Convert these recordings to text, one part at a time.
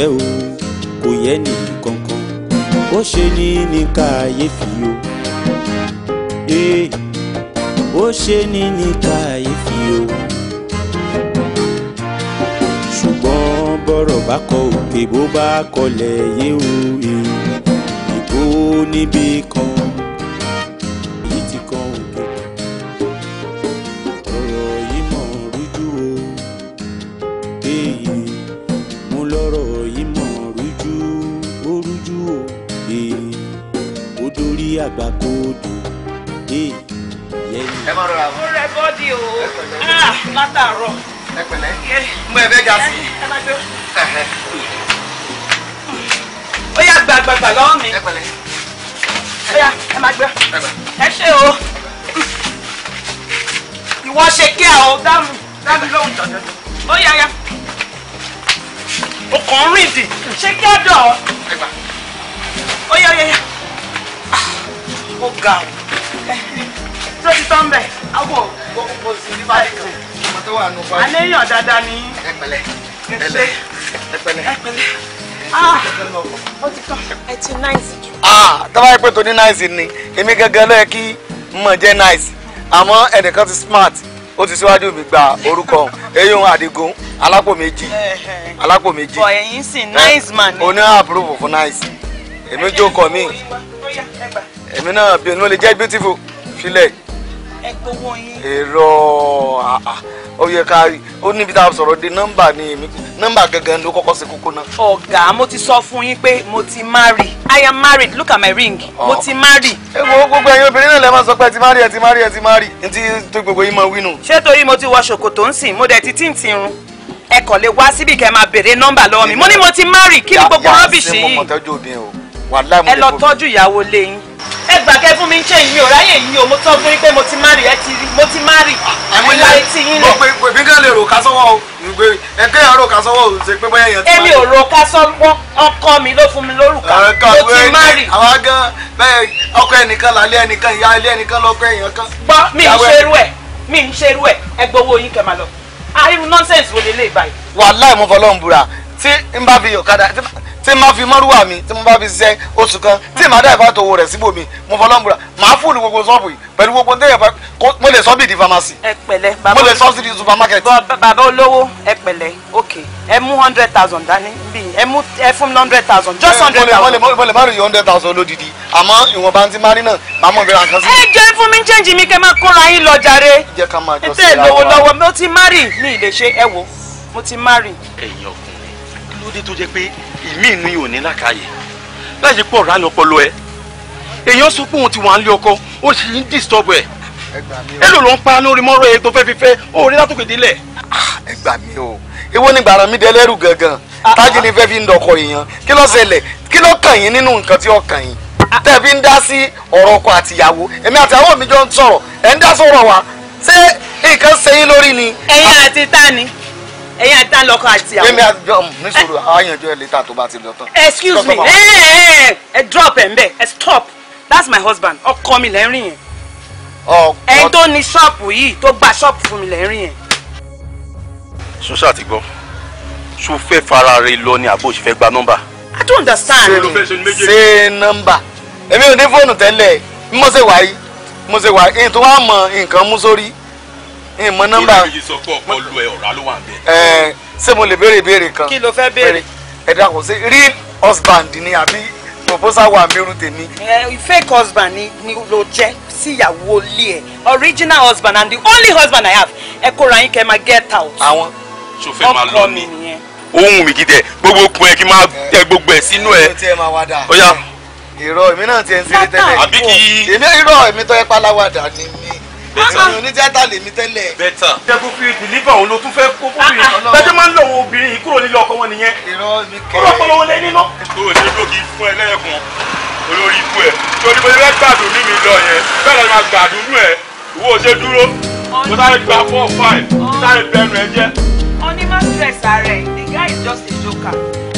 ṣe o kò yẹ nìyí kankan ó ṣe ní ní kàyéfì o eh, ó ṣe ní ní kàyéfì o ṣùgbọ́n bọ́rọ̀ bá kọ òkè bó bá kọlẹ̀ yé o eh, ìgbó níbi ẹ ṣe o ìwọ ṣe kí a o dá mi dá mi lóhùn jọjọ ó yá yá o kàn ń rìn dì ṣé kí á dọ̀ ọ́ ó yá yá yá ó ga o tó ti tán bẹ̀ awọ gbogbo sí ní báyìí kan ọmọ tó aléyàn dáadáa ni ẹ pẹ̀lẹ́ ẹ pẹ̀lẹ́ ẹ pẹ̀lẹ́ ah ó ti tán ẹ ti náìsì jù. ah tọ́wá yẹ pé tó ní náìsì ni èmi gangan ló yẹ kí mọ̀ jẹ́ nice àmọ́ ẹnìkan ti smart ó ti síwájú mi gba orúkọ eyín àdìgún alápò méjì alápò méjì bọ̀ ẹ̀yìn sì nice man ni. oní àpúròfò fún nice èmi jókòó mi èmi náà bí inú lè jẹ́ beautiful filẹ̀. èrò àà ó yẹ ká rí ó níbi tá a sọ̀rọ̀ de nọ́mbà ni èmi nọ́mbà gangan ló kọ́kọ́ ṣe kókó náà. ọ̀gá mo ti sọ fún yín pé mo ti marry i am married look at my ring oh. mo ti marry. ẹ wo gbogbo ẹ̀yin obìnrin náà lè máa sọ pé ẹ ti marry ẹ ti marry ẹ ti marry n ti tó gbogbo yín máa wí nù. ṣé torí mo ti wọ ṣòkòtò ń sìn mo dẹ̀ ti tíǹtì irun ẹ kàn lè wá síbi kẹ́ máa béèrè nọ́mbà lọ́wọ́ mi mo ní mo ti marry kí ni gbogbo rọ́bìṣì yìí ẹ lọ tọ́jú ìyàwó lẹ́yìn ẹ gbà kẹ fún mi ń ṣe yìí o ráyè yìí o mo tán fún pé mo ti má rí ẹ ti rí mo ti má rí ah, ẹ láyé tí yín lẹ. pé pé kí lè rò ká sọ́wọ́ o gbé ẹgbẹ́ yẹn rò ká sọ́wọ́ o ṣe pé bóyá yẹn ti má rí. èmi ò rò ká sọ́wọ́ ọkọ mi ló fún mi lórúkà mo ti má rí. àwa gan bẹ́ẹ̀ ọkọ ẹnìkan làlẹ́ ẹnìkan ìyá ilé ẹnìkan lọ́kọ èèyàn kan. gbọ́ mi ń ṣerú ẹ̀ mi ń ṣerú ẹ̀ ẹ ah, tí ń bá fi ọ̀kadà tí ma fi mọ́rúwà mi tí mo bá fi ṣiṣẹ́ oṣù kan tí màá dá ìfàtò owó rẹ̀ síbò mi mo fọlọ́ múra màá fún olú gbogbo sọ́ọ̀bù yìí pẹ̀lú gbogbo ndéyẹ̀ fà mo lè sọ́ bíi di pharmacy. ẹ pẹ̀lẹ́ bàbá mo lè sọ́ sí di supermarket. bàbá olówó ẹ pẹ̀lẹ́ ok ẹ mú hundred thousand dání bí ẹ mú ẹ fún mi hundred thousand just eh, hundred thousand. mo lè má rí hundred thousand lódìdí àmọ́ ìwọ̀nba ti máa rí náà màá mọ̀ bẹ́ẹ̀ àkànṣe. ẹ jẹ́ fún mi change mi kẹ́ máa kóra yín lọ jàre. jẹ́ ká máa jọ sí ara wa. ètò ìlówó lọ́wọ́ mo ti marry mi ì lè ṣe ẹ wo mo ìmí inú yìí ò ní làkàyè láì ṣe pọ̀ rálẹ̀ ọpọlọ ẹ èèyàn sọ pé òun ti wà ń lé ọkọ ó sì ń disturb ẹ ẹ lò ló ń pa lórí mọ́rọ̀ ẹ tó fẹ́ fi fẹ́ ó rí látòkè délẹ̀. Ah, ẹ gbà mí o èwo ni gbàrà mi dẹlẹ́rù gangan ah, tájì ah. ni fẹ́ fi ń dọkọ èèyàn kí ló ṣẹlẹ̀ kí ló kàn yín nínú nǹkan tí ó kàn yín tẹ́ fi ń dá sí ọ̀rọ̀ ọkọ àtìyàwó èmi àtàwọn mi jọ ń sọ̀rọ̀ ẹ̀ ń dá sọ̀rọ̀ wa ṣé nǹkan ṣe yín lórí ni. ẹ̀yin àti ta ni ẹ̀yin àti tán lọ́kọ àti àwọn. yémi àjọ níṣòro àyànjọ ẹ létà tó bá ti lọ tán. excuse me ẹ ẹ ẹ drop ẹ mbẹ ẹ stop that's my husband ọkọ mi lẹ́ ń rìn yẹn. ẹni tó ní ṣọ́ọ̀pù yìí tó gba ṣọ́ọ̀pù fún mi lẹ́ ń rìn yẹn. sunṣà ti gbọ́ ṣó fẹ́ fara rẹ lọ ni àbó ṣe gba nọ́mbà. I don't understand. ṣe nọ́mbà èmi ò ní fóònù tẹ́lẹ̀ mo ṣe wáyé mo ṣe wáyé ìmọ̀ nọ́mbà. olórí mi sọ pé ọpọlọ ẹ ọ̀rá ṣé mo lè béèrè ìbéèrè kan. kí ló fẹ́ béèrè. ẹ dàkún sí real husband ni àbí proposal wà mírun tèmi. fake husband ni ni ló jẹ́ sí ìyàwó ilé original husband and the only husband i have ẹ kóra yín kẹ́ máa get out. àwọn sọfẹ máa lọ ni ohun mi gidi ẹ gbogbo kun ẹ kí n máa tẹ gbogbo ẹ sínú ẹ ó yá. irọ́ èmi náà ti ń ṣeré tẹ́lẹ̀ èmi irọ́ èmi tó ẹ pálá wàdà ni èmi ò ní tíátà lèmi tẹ́lẹ̀. bẹ́tà. jẹ́gun fi dìlíbà òun ló tún fẹ́ kó fóbìnrin gbẹ́jẹ́ ah, ah. máa ń lọ àwọn obìnrin kúrò nílé ọkọ wọn nìyẹn. kúrò pọlọwọ lẹ nínú. o ò ṣe tó fún ẹ lẹ́ẹ̀kan olórí ikú ẹ torí bó gbàdùn ní mi lọ yẹn bẹ́ẹ̀ lọ́ọ́ máa gbàdùn nú ẹ ìwọ ṣe dúró mo sáré gba four five sáré bẹnu ẹ jẹ. onímọ̀ stress ààrẹ the guy is just a joker.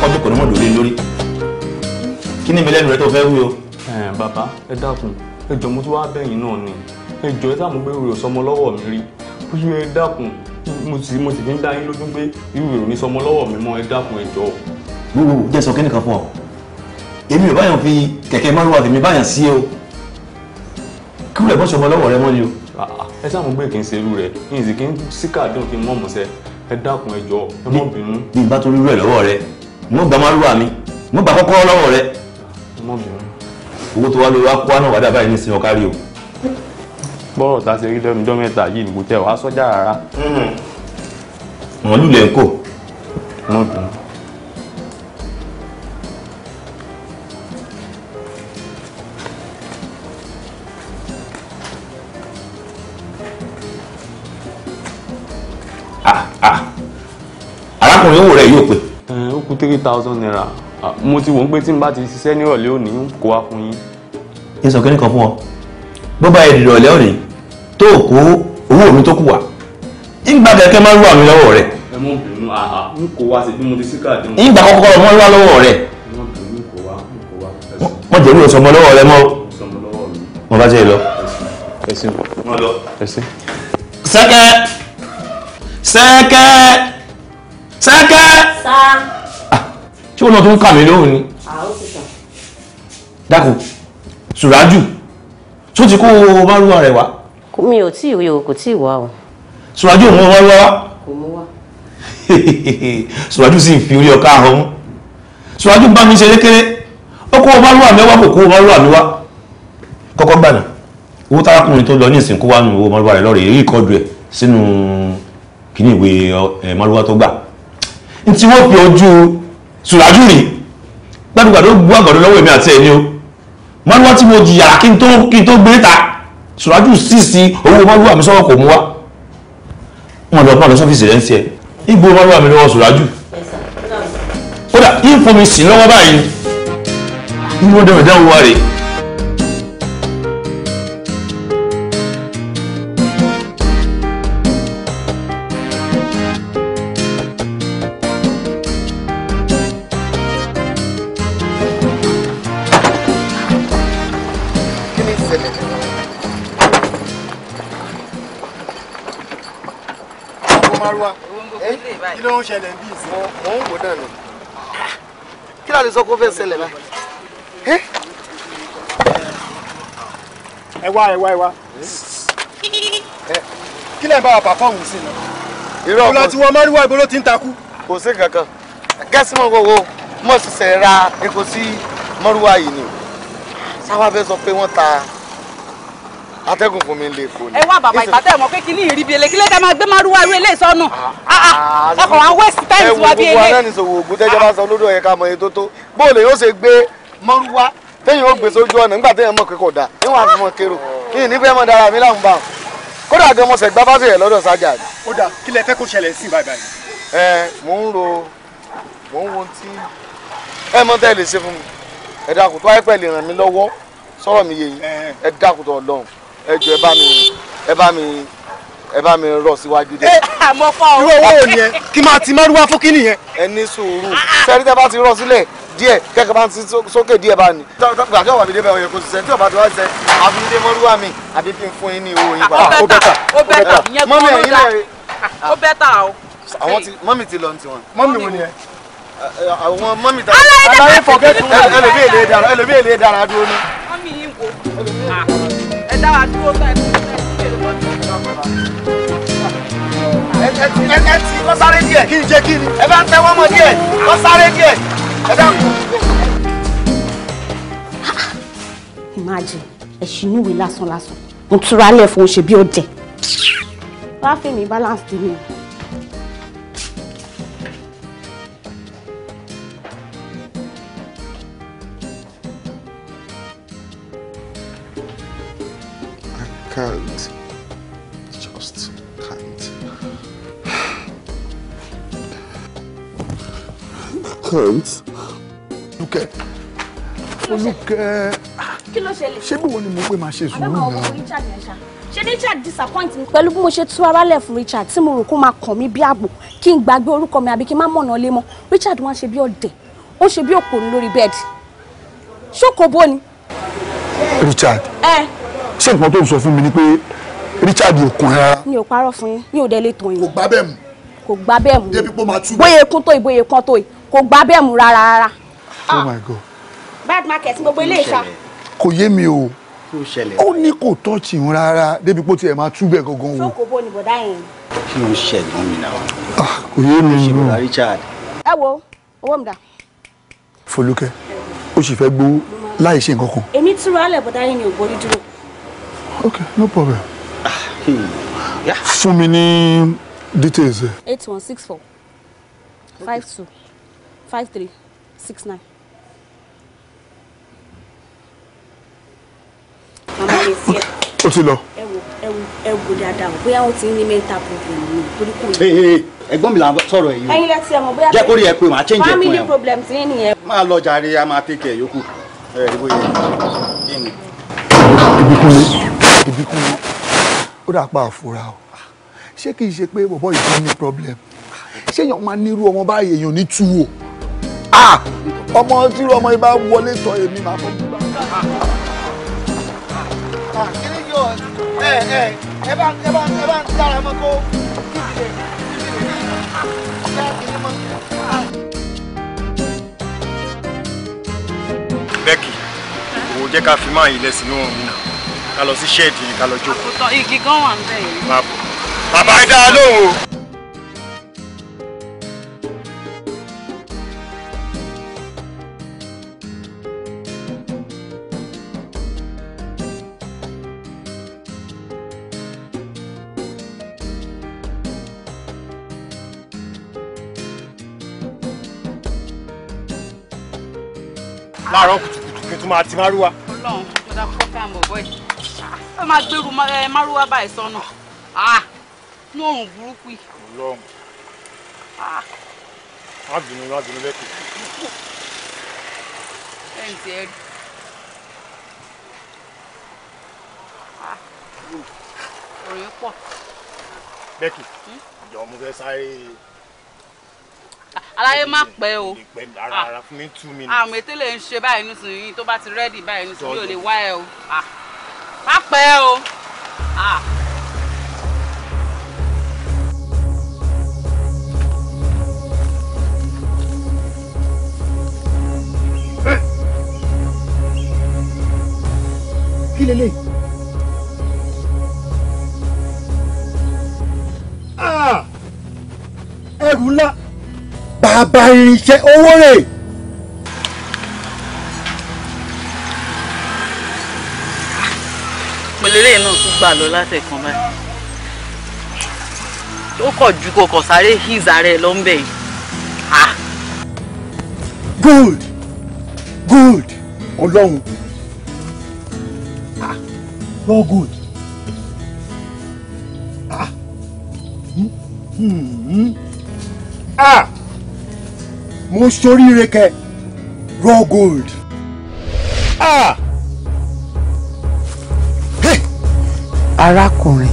kọjú kò ní mọ̀ lórí lórí kí ni ìbílẹ̀ rẹ tó fẹ́ wí o. bàbá ẹ dákun ẹ jọ̀ọ́ mo tún wáá bẹ̀yìn náà ni ẹ jọ̀ọ́ ẹ sàmúgbé rè sọmọ lọ́wọ́ mi rí bóyá ẹ dákun mo sì mo sì fi ń dá yín lójú pé irú èrò ní sọmọ lọ́wọ́ mi mọ́ ẹ dákun ẹ jọ̀ọ́. wúwo jẹ́ sọ kíni kan fún ọ èmi ò báyàn fi kẹ̀kẹ́ márùwá tèmi báyàn sí o kí wúlẹ̀ bọ́ sọmọ lọ́wọ́ rẹ mọ́ ni o. Ah, ah, ẹ sàmúgbé kì í ṣerú rẹ kì í sì kí ń síkà dùn kí n mọ̀ mọ́sẹ̀ ẹ dákun ẹ jọ̀ọ́ ẹ mọ̀ bínú. bí n bá torí rẹ lọ́wọ́ rẹ wọ́n gba márùwà mi wọ́n gba kọ́kọ́rọ́ lọ́wọ́ rẹ. owó tó wá lórí wá kó àná wàdà báyìí ní ìsìn ọ̀kárí o. bọ́rọ̀ ta ṣe rí lẹ́nu ọjọ́ mẹ́ta yìí nìkú tẹ̀ wá sọ́jà rárá. Mm-hmm. wọ́n lulẹ̀ ń kò. arákùnrin owó rẹ̀ yóò pè three thousand naira ah, mo ti wò ó pé tí n bá ti ṣiṣẹ́ nírọ̀lẹ́ òní kó wá fún yín. ẹ sọ kíni kan fún ọ bó bá yẹ ìrọ̀lẹ́ òní tó kó owó mi tó kù wá ìgbà kẹ̀kẹ́ máa ń wà mí lọ́wọ́ rẹ̀. ẹ mọ bínú àhà n kò wá sí bí mo ti síkà dín. ìgbà kọ́kọ́ ọmọ wá lọ́wọ́ rẹ̀. wọ́n jẹ́ ìwé sọmọ lọ́wọ́ rẹ mọ́. mo bá jẹ́ lọ. ẹsìn ẹsìn. sẹ́kẹ́ sẹ́kẹ́ sẹ́kẹ́. sáà tí wọ́n náà tó ń kà mí lóhùn ni. dákò sùrájù tó ti kó márùwá rẹ̀ wá. mi ò tí ì rí o kò tí ì wá o. sùrájù òun márùwá wá. kò mú wá. sùrájù sì ń fi orí ọ̀ka ahọ́n mú sùrájù bá mi ṣe lékeré ó kó márùwá mẹ́wàá kò kó márùwá mi wá kọ́kọ́ gbànà owó tárákùnrin tó lọ ní ìsìnkú wà nù owó márùwá rẹ̀ lọ́rẹ̀ èyí kọ́ ju ẹ̀ sínú kíní ìwé márùwá tó gbà ntí wọ́n fi ojú sùràjù rè gbàdúgbàdú gbú àgọ̀dọ̀ lọ́wọ́ èmi àti ẹni o mọ́lúwá tí mo jìyà kí n tó kí n tó gbé ta sùràjù sì sí owó mọ́lúwà mi sọ́wọ́ kò mú wá wọn lọ pọ́n lọ sọ́fíìsì rẹ̀ ń tiẹ̀ igbó mọ́lúwà mi lọ́wọ́ sùràjù kódà yín fún mi sí lọ́wọ́ báyìí ní wọ́n dẹ̀rẹ̀ wa rèé ṣẹlẹ̀ bí ìsìn. mo ń wò náà ni. kí ló lè sọ kó fẹ́ ṣẹlẹ̀ náà. ẹ wá ẹ wá ẹ wá. kí lẹ́yìn bá wa pàfọ́ọ̀mù sí i. irọ́ ọkọ tí wọ́n máa ń wá ibo ló ti ń takú. kò sí kankan gẹ́sì mọ́ gbogbo mọ̀ ṣẹ̀ṣẹ̀ ra epo sí mọ́rúwá yìí ni. sábà fẹ́ sọ pé wọ́n ta atẹ́gùn fún mi lè kó ni. ẹ wá bàbá ìpàtẹ́ ẹ̀ mọ̀ pé kínní ìrìbí ele kí ló dé máa gbé márúwá irú eléyìí sọ́nù ah, ah, ah, ọkọ̀ wa west times wa bí ele. ẹ wo gbogbo anánisòwò ògùn tẹ́jọ́ bá sọ lódò ẹ̀ka mọ̀ ètò tó bóòlù yóò ṣe gbé márúwá téèyàn ó gbé sójú ọ̀nà nígbà téèyàn mọ̀ pé kò dáa níwọ̀n àti mọ̀ kérò kí ni fẹ́ mọ̀ dára mi láwọn bá wọn kódà gan mo sẹ̀ bá sẹ̀yẹ̀ lọ́dọ̀ sájà ni. ó dà kí lẹ fẹ́ kó ṣẹlẹ̀ sí báyìí ẹ mò ń ro mò ń wo tí ẹ mọ tẹ́ lè ṣe fún mi ẹ dákun tó ayé pẹ̀lú ìràn mi lọ́wọ́ mi yé yín ẹ dákun tó ẹ jọ ẹ bá mi ẹ bá mi ẹ bá mi rọ síwájú dé. Eh, àmọ́ fọ́ ọ. irú owó wo nìyẹn kí máa ti mẹ́rùwá fún kínní yẹn. ẹ ní sùúrù sẹ́rí tẹ́ bá ti rọ sílẹ̀ díẹ̀ kẹ́kẹ́ bá ti sókè díẹ̀ bá ní. tọ́gbà tí ọ̀wà mi débẹ̀ ọ̀yẹ̀ kò sì sẹ́ tí ọ̀bá ti wá sẹ́ àfi ní mọ́rúwá mi àbí kí n fún yín ní owó yín padà. Ah, ó bẹ́tà ó bẹ́tà ìyẹn kọ́ ló dá ó bẹ́tà o. àwọn ti mọ́mì ti lọ ní tiwọn. mọ́mì wo ni ẹ. Eh, eh, àwọn mọ́mì ta. aláìlẹ́ bẹ́ẹ̀ fọ́ bẹ́ẹ̀ tún. ẹlòmíì lè dára ẹlòmíì lè dára dúró ní. mọ́mì yín kò dá wa dúró táyì ẹ ẹ ti kọ́ sáré díẹ̀ kí n jẹ kí ni ẹ bá imagine ẹ̀ṣinúwe lásán lásán mo túra lẹ̀ fún oṣù bí ó jẹ. wá balance ti mi can't. Just can't. Can't. Look at. Oh, look at. Kí ló ṣẹlẹ̀? Ṣé bí wo ni mo pé máa ṣe sùúrù náà? Àbẹ̀wò Richard yẹn ṣá ṣe Richard disappoint me. pẹ̀lú bí mo ṣe tú ara lẹ̀ fún Richard tí mo rò kó máa kàn mí bí ààbò kí n gbàgbé orúkọ mi àbí kí n má mọ̀nà lé mọ́ Richard wá ṣe bí ọ̀dẹ̀ ó ṣe bí òpònú lórí bẹ́ẹ̀dì ṣókòbó ni. Richard. ẹ. Eh ṣé nǹkan tó ń sọ fún mi ni pé Richard ò kún rárá. mi ò parọ́ fún yín mi ò délé tó yín. kò gbá bẹ́ẹ̀ mu. kò gbá bẹ́ẹ̀ mu. débi pé máa tú. bóyá kún tó yìí bóyá kan tó yìí kò gbá bẹ́ẹ̀ mu rárá rárá. oh my god. Ah, bad market gbogbo ilé ìṣá. kò yé mi o ó ní kò tọ́ọ̀tì ń rárá débi pé ó tiẹ̀ máa túbẹ̀ gangan wò. sókòbó ni bọ̀dá yẹn. kí ló ń ṣẹ̀gbọ́n mi náà. Ah, kò yé mi o. ẹ wo owó mi dà. Folúkẹ́ ó sì fẹ́ gbowó láì ṣe nǹkan kan. èmi túra lẹ̀ bọ̀dá yẹn ni ò gbórí dúró okay no problem. Ah, hmm, yeah. mi ní details ẹ. eight one six four five two five three six nine. màmá mi fi ẹ Ewu, ewu, ewu, ẹ wo ẹ wo ẹ wo dáadáa o bóyá ó ti ní mental problem ni torí kò ní. ẹ̀gbọ́n mi là ń sọ̀rọ̀ ẹ yìí o. ẹ̀yin lẹ ti ẹ mọ̀ bóyá. jẹ́ kórìí ẹ pé màá change ẹ fún ẹ. family problem ti ní nìyẹn. máa lọ jàre a máa take care yòókù. ẹ ẹ bóyá kí ni. ibi kúnlẹ̀ ibi kú ó dà pa àfúrà o ṣé kìí ṣe pé bọ̀bọ̀ yìí ní problem ṣé èèyàn máa nírú ọmọ báyìí èèyàn ní tú o ọmọ tírú ọmọ yìí bá wọlé tọ èmi máa fọ bí bá. kiri yóò ẹ ẹ ẹ bá ẹ bá ẹ bá ń dára mọ kó kíkìlẹ Becky, òun jẹ́ ká fi máa yìí lẹ́sìn ní òun náà ká lọ sí ṣẹ́ẹ̀dì yẹn ká lọ jókòó. àkótán igi gan wà níbẹ̀ yìí. bàbá ẹ dá lóhùn o. láàárọ̀ kùtùkùtù kí n tún máa ti máa rú wa. Ọlọ́run mo dá program bọ̀ bọ́yì fẹ́ máa gbèrú eh, márúwá báyìí sọnù ah, ní òrùn burúkú yìí. Ọlọ́run ah. má bínú má bínú lẹ́kọ̀ọ́. ẹ̀yìn tí ẹ rí. òròyìn ah. pọ̀. Bẹ́ẹ̀kì hmm? ìjọ mo fẹ́ sáré. aláyé má pẹ́ o. ara fún mi tú mi. àwọn ètò lè ń ṣe báyìí nísìnyí tó bá ti rẹ́dì báyìí nísìnyí yóò lè wá ẹ o má pẹ́ o. Ah. kí lélẹ̀. ẹrù ńlá bàbá irinṣẹ́ owó rèé. pẹ̀lú náà tún gbà lọ láti ẹ̀kan báyìí ó kọ̀ ju kò kọ̀ sáré híza rẹ̀ lọ́nbẹ̀ yìí. good good ọlọ́run ah no good ah hmm ah mo ṣoríire kẹ raw gold ah. arákùnrin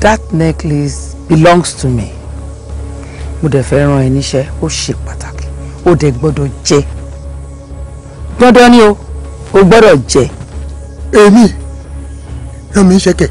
that necklace belongs to me mo dẹ̀ fẹ́ rán ẹ níṣẹ́ ó ṣe pàtàkì ó dẹ̀ gbọ́dọ̀ jẹ́ dandan ni o ó gbọ́dọ̀ jẹ́. èmi ràn ṣẹkẹ̀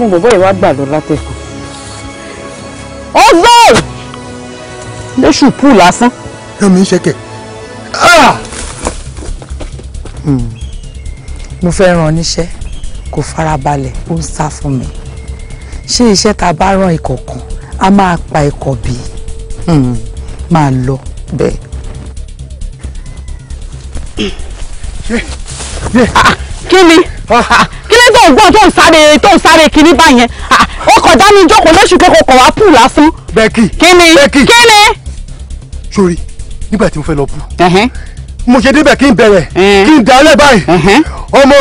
ní bọ̀bọ̀ ìwà gbà lọ látẹ̀kùn. ó gbé lóṣù pù lásán. yóò mi ń ṣẹkẹ. Ah! Hmm. mo fẹ́ ràn níṣẹ́ kò farabalẹ̀ ó ń sá fún mi ṣé iṣẹ́ tá a bá rán ìkọ̀kan a máa pa ikọ̀ bí hmm. máa lọ bẹ́ẹ̀. Ah, kí ni. Ah, tó ń gbọ́n tó ń sáré tó ń sáré kiri báyẹn ó kọjá ní ìjókòó lóṣù kẹ́kọ̀ọ́ kọ̀ wá pù lásán. Becky kíni Becky kíni. sori nígbà tí mo fẹ́ lọ pù mo ṣe débẹ̀ kí n bẹ̀rẹ̀ kí n dalẹ̀ báyìí ọmọ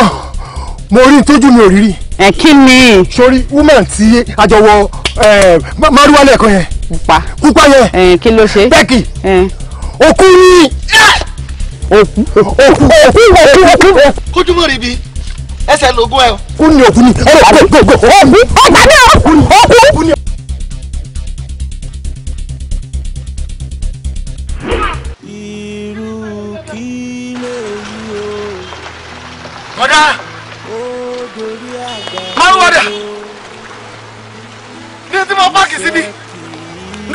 mo rí tójú mi ò rí rí. ẹ kí ni. sori woman ti àjọwọ maruwa lẹ́ẹ̀kan yẹn. pupa pupa yẹn. kí ló ṣe. Becky òkú ni. òkú òkú òkú òkú òkú. kójú mọ́ rí bi ẹsẹ̀ lógún ẹ. kú ni òkú ni ọ̀rọ̀ àbẹ gbogbo òkú ọgbà ni òkú ni. irú kí lè yí o. kọ́dá. máa ní tí mo pààkì síbi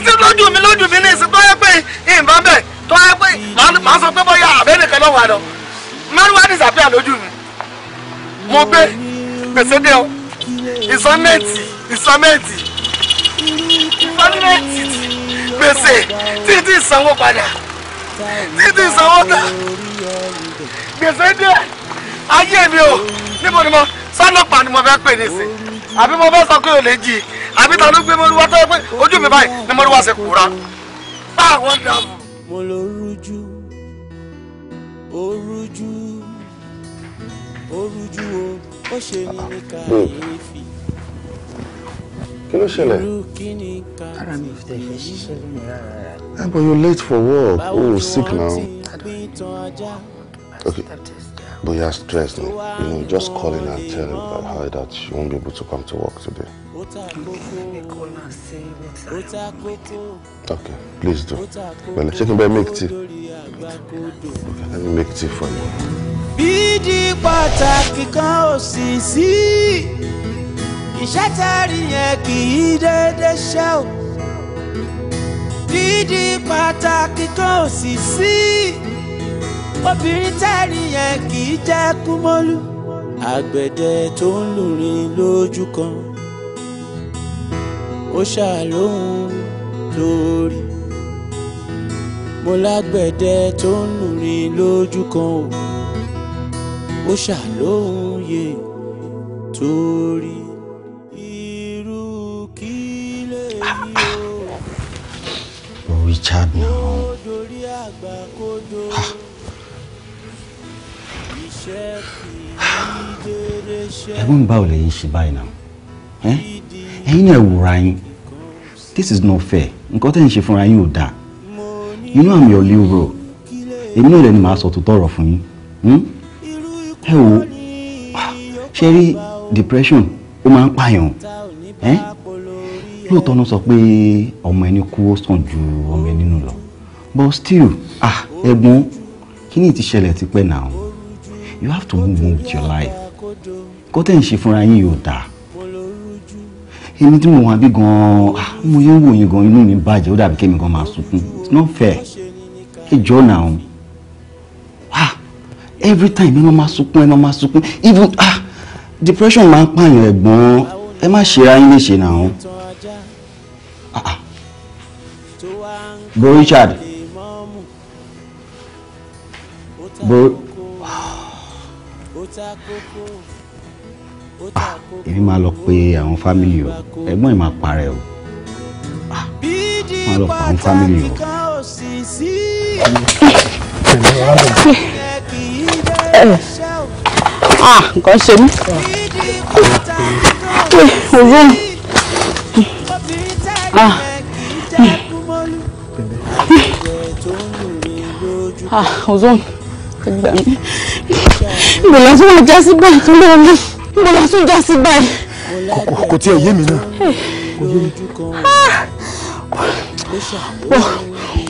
tí lójú mi lójú mi ní ìsìn tó pé ìbọn bẹ̀ tó yẹ pé màá sọ pé bóyá àbẹ́nìkan lọ́wọ́ àdán mẹ́rin wá ní ìsàpẹ́ àlójú mi mo bẹ pẹsẹdẹ ọ ìsọmẹǹtì ìsọmẹǹtì ìsọmẹǹtì gbèsè títí ìsanwó padà títí ìsanwó tà gbèsè dé ayé mi o níbo ni mo sọlọpàá ni mo fẹ́ pè ní sí àbí mo fẹ́ sọ pé o lè jí àbí ta ló gbé mo ruwa tó yẹ pé ojú mi báyìí ni mo ruwa ṣe kúra báwọn dààmú. mo lọ rújú orú rújú o ó ṣe ní ní kàyéfì. kí ló ṣẹlẹ̀. ara mi ò fẹ́ fẹ́ ṣiṣẹ́ lónìí rárá. ẹ ah, bọ̀ you're late for work o oh, sick now. okay but bóyá stressed now. you know just calling in and tell her that she won't be able to come to work today. Okay, please do. Well, she can buy milk tea. Okay, let me make tea for you bídí pàtàkì kan ò sì sí iṣẹ́ tẹ́rì yẹn kì í dédé ṣe ò bídí pàtàkì kan ò sì sí obìnrin tẹ́rì yẹn kì í jẹ́ kúmọ́lú àgbẹ̀dẹ tó ń lùrin lójú kan ó ṣàlóhùn lórí mo lágbẹ̀dẹ tó ń lùrin lójú kan ò. ó ṣàlóye torí irú kí lè Richard náà. lójorí àgbà kodo ah. iṣẹ́ kì í dèrè ṣẹ́. ẹ̀gbọ́n mi báwo ṣe báyìí this is not fair nǹkan tẹ́ ṣe fúnra yín ò dáa you know I'm your little èmi náà lẹni sọ tó tọrọ fún yín. Hmm? ẹ wo ṣe rí depression ó máa ń pààyàn lóòótọ́ náà sọ pé ọmọ ẹni kú ó sàn ju ọmọ ẹni nù lọ but still ah ẹ̀gbọ́n kí ni ti ṣẹlẹ̀ tipẹ́ náà you have to move on with your life kó tẹ̀ ń ṣe fúnra yín yóò dáa èmi tí mo wà bí gan-an mo yẹn ń wò yín gan-an inú mi bàjẹ́ ó dàbí kémi gan-an máa sunkún it's not fair ẹ jọ́ náà every time ẹ máa sunkún ẹ máa sunkún even ah depression máa ń pààyàn ẹ̀gbọ́n ẹ má ṣe ara yín léṣe náà ah, ah bro Richard bro ah èmi máa lọ pe àwọn family o ẹ̀gbọ́n ẹ máa parẹ́ o ah máa lọ pa àwọn fámìlì o. Ah, nǹkan ṣe mí òwò òzò gbà mí ìbò lásán wà já sí báyìí tó lọ́wọ́ mi ìbò lásán já sí báyìí. kò tiẹ̀ yé mi náà kò yé mi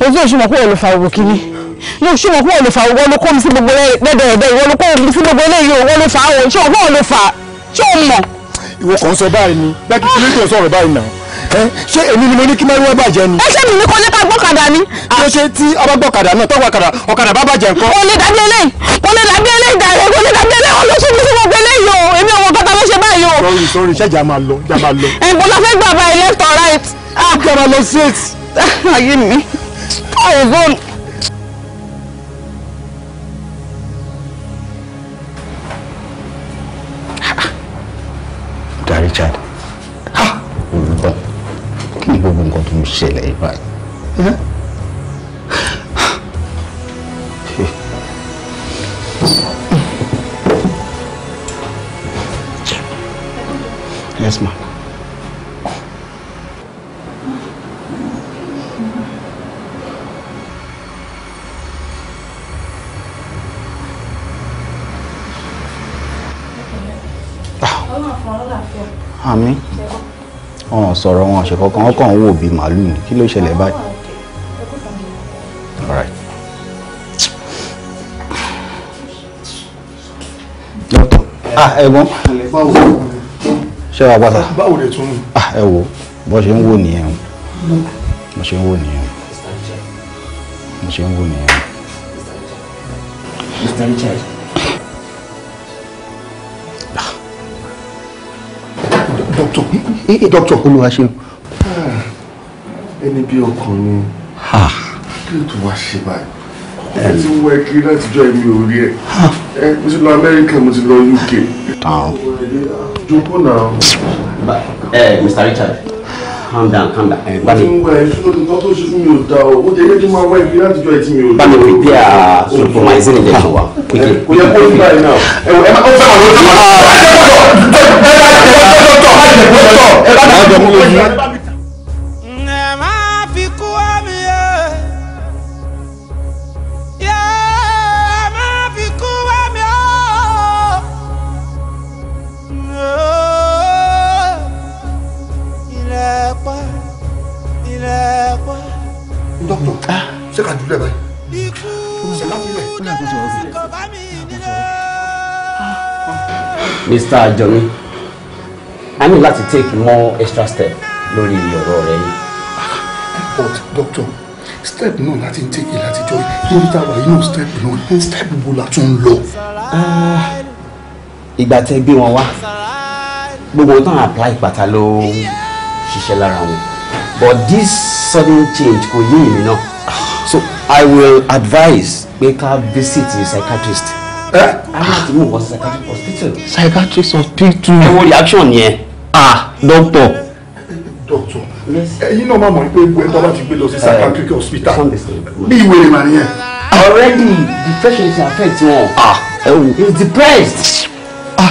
òzò ah. ìṣúná pé olùfà òwò kìíní ní oṣù o fún olùfà wọ́n ló kó mi sí gbogbo lẹ́dẹ̀ẹ̀dẹ̀ ìwọ́n ló kó mi sí gbogbo eléyìí òwọ́n ló fà á òun ṣé òun fún olùfà ṣé òun mọ̀. ìwọ kàn ń sọ báyìí ni bẹ́ẹ̀ kí ló ń sọ̀rọ̀ báyìí náà ṣé èmi ni mo ní kí mẹ́rin bàjẹ́ ni. ẹ ṣé mi ní kó nípa gbọ́kadà ni. kí ló ṣe tí ọba gbọ́kadà náà tọ́wọ́ ọ̀kadà ọ̀kadà bá bàjẹ́ nǹkan. o lè dàbí eléyìí o lè dàbí eléyìí dàrẹ́ o lè dàbí eléyìí olóṣù mi sí gbogbo eléyìí o èmi àwọn kọ́ta ló ṣe báyìí o. sọrí sọrí ṣẹ́jà máa lọ jà máa lọ. ẹ̀gbọ́n la fẹ́ gbà báyìí left or right. ah, jà máa lọ straight. ayé mi. Richard ha olùgbọ́n kí ni gbogbo nǹkan tó ń ṣẹlẹ̀ yìí báyìí. Yes, ma'am. àmì ọ̀hún sọ̀rọ̀ wọn ṣe kankan ọkàn wò bíi màálùú ni kí ló ṣẹlẹ̀ báyìí. all right. dọ́tọ̀ ah ẹ̀gbọ́n ṣé wàá pàtà. ah ẹ wo bó ṣe ń wò nìyẹn bó ṣe ń wò nìyẹn bó ṣe ń wò nìyẹn. Mr. doctor doctor. Olúwaṣeun. ẹni bí ọkùnrin kí ló tún wá ṣe báyìí ẹ ti wọ ẹ kiri láti jọ èmi ò rí ẹ ẹ mo ti lọ Amẹ́ríkà mo ti lọ UK. jókòó náà. ẹ Mr Richard calm down calm down. ẹ bá mi. ẹ ṣùgbọ́n nǹkan tó ṣe fún mi ò da o ó jẹ́ kí n máa wá ibi láti jọ ẹtì mi ò. bá mi prepare sulfamazine injection wa. kò yẹ kó ní báyìí náà. ẹ ẹ má ó fẹ́ wà lórí ọ̀la jẹ̀bú sọ ẹ bá mi jẹ̀bú lójú. ẹ máa fi kú àmì ẹ yẹ ẹ máa fi kú àmì ọ. ilẹ̀ pa ilẹ̀ pa. dókítà ṣé ká dúró ẹ Mr. Jomi a ní láti take more extra step lórí ọ̀rọ̀ rẹ yìí. but doctor step náà láti ń take láti jọ níbi tá a wà yìí náà step náà step wo la tún lọ. Ah, ìgbà tẹ gbé wọn wá gbogbo náà apply pátá ló ń ṣiṣẹ́ lára wọn but this sudden change kò yé èmi náà so i will advise pé ká visit a psychiatrist. Eh? i want to move on to psychiatric hospital. Psychiatrist hospital. ẹ wo reaction yẹn ah doctor. doctor ẹyin náà máa mọ̀ pé gbogbo ẹ̀tọ́ bá ti gbé lọ sí psychiatric eh, hospital bí ìwé rẹ̀ màá nìyẹn. already depression is affect wọn. ah he is depressed. ah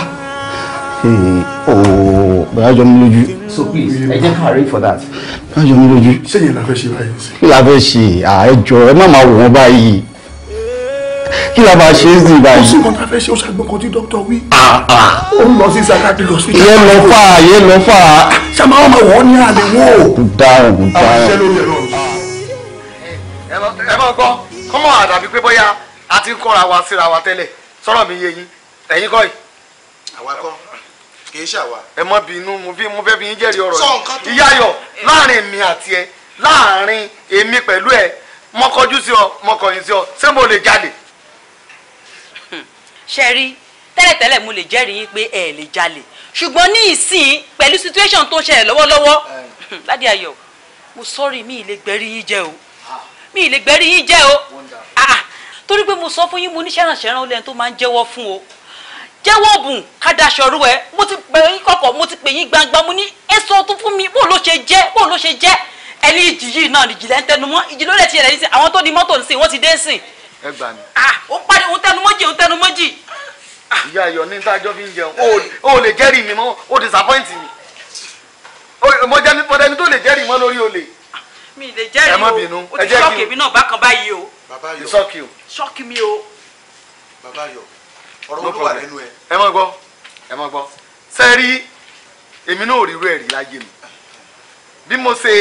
hmm, ooo oh, so please ẹ jẹ́ ká arrange for that. bàbá jọ mi lójú. sẹ́yìn la ṣe báyìí. kí ṣe àìjọ ah, ẹ má máa wò wọ́n báyìí kí la máa ṣe é sí báyìí. kò sí nǹkan tá a fẹ́ ṣe ó ṣàgbọ́n kan tí dókítà wí. ó ń lọ sí sakati lọ sí. lọ fà á ìyẹn lọ fà á. ṣàmà ọmọ wọ ní alẹ́ wo. dáhùn dáhùn. àwọn iṣẹ́ lórí ẹ̀rọ mi. Ah. ẹ máa gbọ́ kọ́mọ àdàbí pé bóyá a ti ń kọ́ra wa síra wa tẹ́lẹ̀ sọ̀rọ̀ mi yé yín ẹ̀yin kọ́ yìí. àwa kọ́ kì í ẹ mọ bínú mo mo fẹ́ bí yín jẹ́rìí ọ̀rọ̀ yìí ìyáyọ̀ láàrin mi àti ẹ láàrin èmi pẹ̀lú ẹ mọkọjú sí ọ mọkọyìn sí ọ ṣé lè jáde ṣe rí tẹ́lẹ̀tẹ́lẹ̀ mo lè jẹ́rìí yín pé ẹ lè jalè ṣùgbọ́n ní ìsìn pẹ̀lú situation tó ṣẹlẹ̀ lọ́wọ́lọ́wọ́ ládìí ayọ̀ mo sọ́ọ̀rì mi ì lè gbẹ́rí yín jẹ́ o ah. mi ì lè gbẹ́rí yín jẹ́ o ah, torí pé mo sọ fún yín mo ní ṣẹ́rànṣẹ́ràn ó lẹ́yìn tó máa ń jẹ́wọ́ fún o jẹ́wọ́ bùn ká daṣọ rú ẹ mo ti pè yín kọ̀kọ̀ mo ti pè yín gbangba mo ní èso tó fún mi bó ló ṣe jẹ́ bó ló ṣe jẹ́ ẹni ìjì yìí náà ìjì lẹ́ ń tẹnu mọ́ ìjì ló lẹ̀ ti yẹ̀lẹ̀ ní àwọn tó ní mọ́tò ń sìn wọ́n ti dé sìn ẹ gbà mí. Ah, ó parí òun tẹnu mọ́jì òun tẹnu mọ́jì. Ah. ìyá ayọ̀ ní tájọ́ fi ń jẹun o ò lè jẹ́rìí mi mọ́ o disappoint mi mo jẹ́ mo dẹni tó lè jẹ́rìí mọ́ lórí olè. mi lè jẹ́rìí o o ti ṣọ́ọ̀kì èmi náà bákan báyìí o. bàbá yọ ṣọ́ọ̀kì o. ṣọ́ọ̀kì mi o. bàbá yọ ọ̀rọ̀ olúwa lẹ́nu ẹ. ẹ mọ gbọ́ ẹ mọ gbọ́ sẹ́rí èmi náà ò rí irú ẹ̀ rí láyé mi bí mo ṣe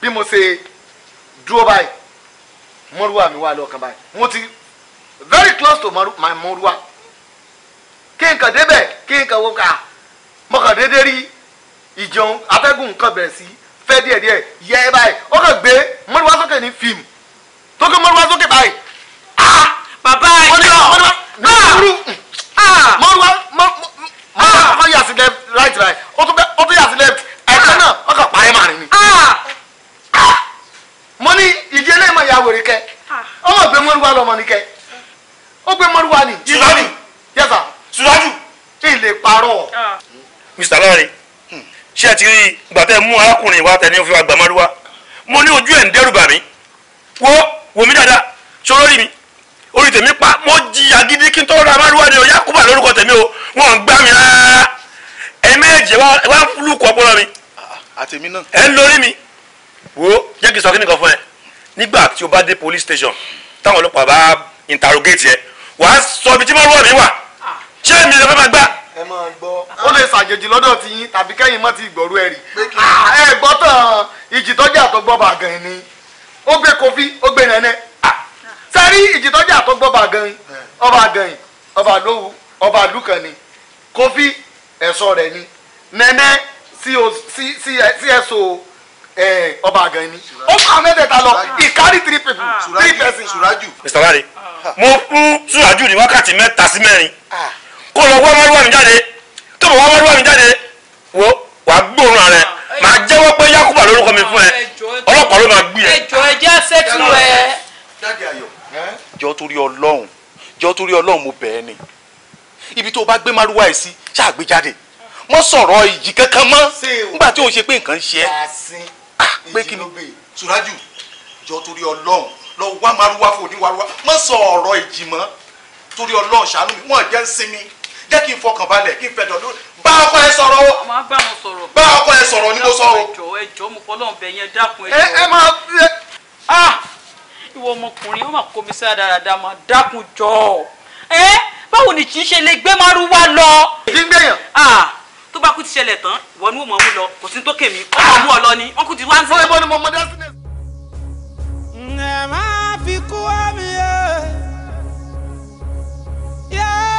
bí mo ṣe dúró báyìí mọ́rúwà mi wà lọ́kàn báyìí mo ti very close to my mọ́rúwà kí n kàn débẹ̀ kí n kàn wọ́n kà mo kàn déédéé rí ìjọun atẹ́gùn nǹkan bẹ̀rẹ̀ sí fẹ́ díẹ̀díẹ̀ yẹ ẹ báyìí ó kàn gbé mọ́rúwà sókè ní fíìmù tó gbé mọ́rúwà sókè báyìí ah bàbá ìjọ mọ́rúwà mọ́rúwà mọ́rúwà yà sí left right right ó tún yà sí left wèrè kẹ ọmọ gbé mọ́rúwá lọ́mọ ni kẹ ó gbé mọ́rúwá ni. sùdájù yẹsà. sùdájù. ilé parọ́. Ah. Mr. Lawrence hmm. ṣé ẹ ti rí ìgbà tẹ mú arákùnrin wa tẹni òfin àgbà mọ́rúwá mo ní ojú ẹ̀ ń dẹ́rù bà mí wo wò mí dáadáa ṣòro rí mi orí tèmi pa mo jìyà gidi kí n tó ra mọ́rúwá ni o Yakuba lórúkọ tèmi o wọn ò gbá mi rárá ẹ̀ẹ́mẹ́jẹ wá lùkọ́ ọpọlọ mi. Ah, àtẹ̀mí náà. ẹ̀ ń lórí mi wo jẹ́ kí n sọ kí nìkan fún ẹ nígbà tí o bá dé police station táwọn ọlọ́pàá bá interrogate yẹ wàá sọ ibi tí mo rọ mi wà ṣé mi lè fẹ́ máa gbà. ẹ máa gbọ́ ó lè ṣàjèjì lọ́dọ̀ tí yín tàbí kẹ́yìn mọ́ ti gbọ̀rú ẹ̀ rí ah, ẹ gbọ́ tán ìjì tọ́jà tó gbọ́ bàgàn ni ó gbé kofi ó gbé nẹ́nẹ́ sẹ́rí ah, ìjì tọ́jà bàgàn ọba àgàn ọba àdóhù ọba àdúkàn ni kofi ẹ̀sọ́ rẹ̀ ni nẹ́nẹ́ CSO ọba àgàn ni ó máa mẹ́tẹ̀ẹ̀ta lọ carry three people ah. three persons. suraju mr lare ah. mo fún suraju ní wákàtí mẹ́ta sí mẹ́rin ah. kó lọ wá wáruwá mi jáde tó bọ̀ wá wáruwá mi jáde wo wà á gbóòórùn rẹ màá jẹ́wọ́ pé yakuba lórúkọ mi fún ẹ ọlọ́pàá ló máa gbé ẹ. ẹjọ ẹjẹ ṣètò ẹ. jọ torí ọlọ́run jọ torí ọlọ́run mo bẹ̀ ẹ́ ni ibi tó o bá gbé maruwa ẹ̀ sí ṣáà gbé jáde mọ́ sọ̀rọ̀ ìjì kankan mọ́ nígbà tí òun ṣe pé nǹkan ń ṣe ẹ́ pé kí ni Suraju jọ torí Ọlọ́run lọ wá maruwa fún oníwàruwa má sọ ọ̀rọ̀ ìjìmọ́ torí Ọlọ́run ṣàánú mi wọ́n jẹ́ ń sinmi jẹ́ kí n fọkàn balẹ̀ kí n fẹ́ dọ̀lú bá ọkọ ẹ sọ̀rọ̀ o bá ọkọ ẹ sọ̀rọ̀ ni mo sọ o. ẹjọ ẹjọ mo fọlọ́n bẹ yẹn dákun ẹjọ. ẹ máa fi ẹ. ìwọ ọmọkùnrin ó máa kó mi sára dáradára máa dákun jọ ẹ báwo ni kì í ṣe lè gbé márùn wá lọ. kí n gbẹ̀yàn tó bá kú ti ṣẹlẹ̀ tán ìwọ ni wò mọ̀ mú lọ kò sí tó kèmí ó mọ̀ mú ọ lọ ni wọ́n kú ti wá ń sìn. bọ́lá mo mọ dásínẹ̀. ǹjẹ́ máa fi kú àmì ẹ̀ yẹ́ máa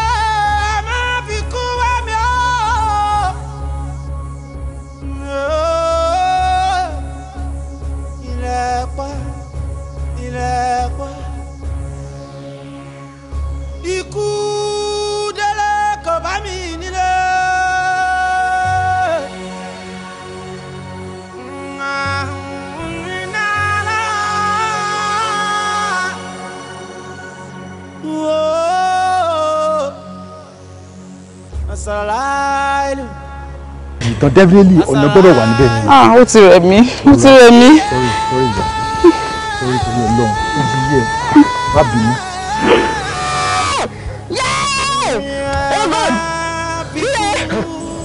ìtàn definitely ọ̀nà gbọ́dọ̀ wà níbẹ̀. ah ó ti rẹ̀ mí ó ti rẹ̀ mí. sorry sorry sorry torí ọlọ́run ibi yẹ má bínú.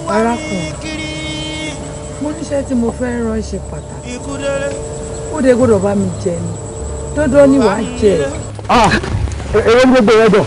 Oh arákùnrin mo níṣẹ́ tí mo fẹ́ rán ṣe pàtàkì ó dé gbọ́dọ̀ bá mi jẹ ni dandan ni wàá jẹ. ah èrè ní gbogbo ẹ̀ dọ̀.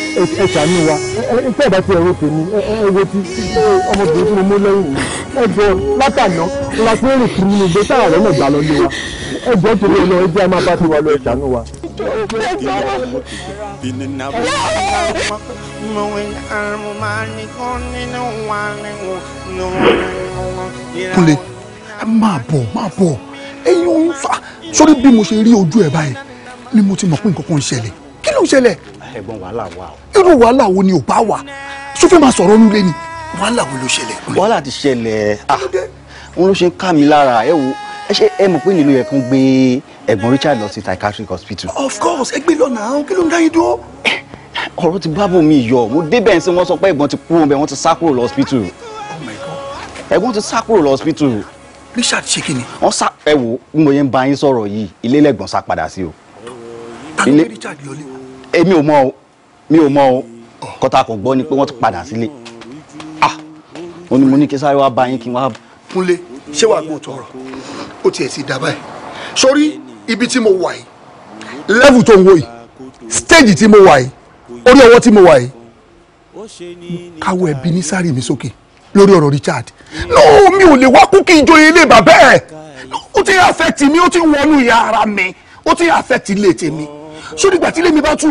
ẹ ṣàánú wa ẹ tẹ́ ẹ bá ti ẹ̀rọ tèmi ẹ wo ti ọmọbìnrin tí mo mú lẹ́yìn mi ẹ jọ látàná la ti rìn kiri ní gbé táwọn ọ̀rẹ́ náà gbà lọ lé wa ẹ jọ torí ẹ lọ ẹ jẹ́ ẹ máa bá tiwa lọ ẹ ṣàánú wa. kúnlẹ̀ máa bọ̀ máa bọ̀ ẹ̀yin oyún fa sórí bí mo ṣe rí ojú ẹ̀ báyìí ni mo ti mọ̀ pé nǹkan kan ń ṣẹlẹ̀ kí ló ń ṣẹlẹ̀ ẹ̀gbọ́n wàhálà wà o. irú wàhálà wo ni ò bá wà ṣó fẹ́ máa sọ̀rọ̀ nílé ni wàhálà wo ló ṣẹlẹ̀. wàhálà ti ṣẹlẹ̀ ah wọn ló ṣe ń ká mi lára ẹ wo ẹ ṣe ẹ mọ̀ pé nílò yẹ kó gbé ẹ̀gbọ́n Richard lọ sí psychiatric hospital. of course ẹ gbé lọ náà kí ló ń dá yín dúró. Eh, ọ̀rọ̀ ti bá bòmí yọ mo débẹ̀ ṣé wọ́n sọ pé ẹ̀gbọ́n ti kúrò bẹ́ẹ̀ wọ́n ti sá kúrò lọ hospital. oh my god. ẹ̀gbọ́n ti sá kúrò lọ hospital. Richard ṣe kí ni. wọ́n sá ẹ wo bí mo yẹn ń bá yín sọ̀rọ̀ yìí ilé lẹ́gbọ̀n sá padà sí o. tani Richard yọlé èmi ò mọ o mi ò mọ o kọ́tà kò gbọ́ ni pé wọ́n ti padà sílé ah mo ní mo ní kí sáré wá bá yín kí n wá. kúnlé ṣé wàá gbọ́ tọrọ ó tiẹ̀ ti dà báyìí sórí ibi tí mo wà yìí level tó ń wò yìí stage tí mo wà yìí orí ọwọ́ tí mo wà yìí káwọ ẹbí ní sáré mi sókè lórí ọ̀rọ̀ Richard no mi ò lè wá kú kí n joyè ilé bàbá ẹ̀ ó ti affect mi ó ti wọnú ìyá ara mi ó ti affect ilé tèmi sórí ìgbà tí lèmi bá tú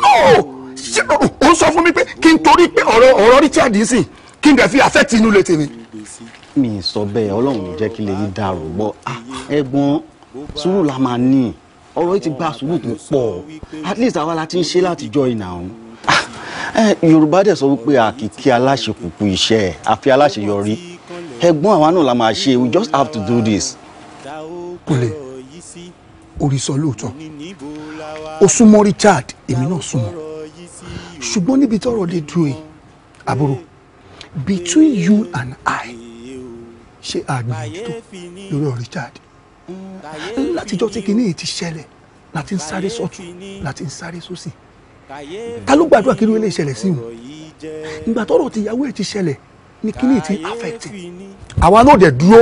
ó ń sọ fún mi pé kí n torí pé ọ̀rọ̀ ọ̀rọ̀ Richard yìí sìn kí n dẹ̀ fi àfẹ́ tinú lè tèmi. mi sọ bẹ́ẹ̀ ọlọ́run jẹ́ kí lè yí dàrú gbọ́ ah, ẹ̀gbọ́n sùúrù la máa ní ọ̀rọ̀ yìí ti gba sùúrù tó pọ̀ at least àwa la ti ń ṣe látijọ́ ìnà ọ̀hún. Ah, eh, yorùbá dẹ̀ sọ wípé àkìkí aláṣekùkù iṣẹ́ àfi aláṣeyọrí ẹ̀gbọ́n àwa náà la máa ṣe we just have to do this. kò lè orí sọ lóòótọ́ ó súnmọ́ Richard èmi náà súnmọ́ ṣùgbọ́n níbi tọ́rọ̀ lè dúró yìí àbúrò between you and I ṣe àgbìyànjú tó lórí ọ̀rẹ́ Richard látijọ́ tí kinní yìí ti ṣẹlẹ̀ láti ń sáré sọ́tún láti ń sáré sósì ta ló gbàdúrà kí ló lè ṣẹlẹ̀ sí wọn ìgbà tọ́rọ̀ tìyàwó ẹ̀ ti ṣẹlẹ̀ ni kíní ti affect àwa náà dẹ̀ dúró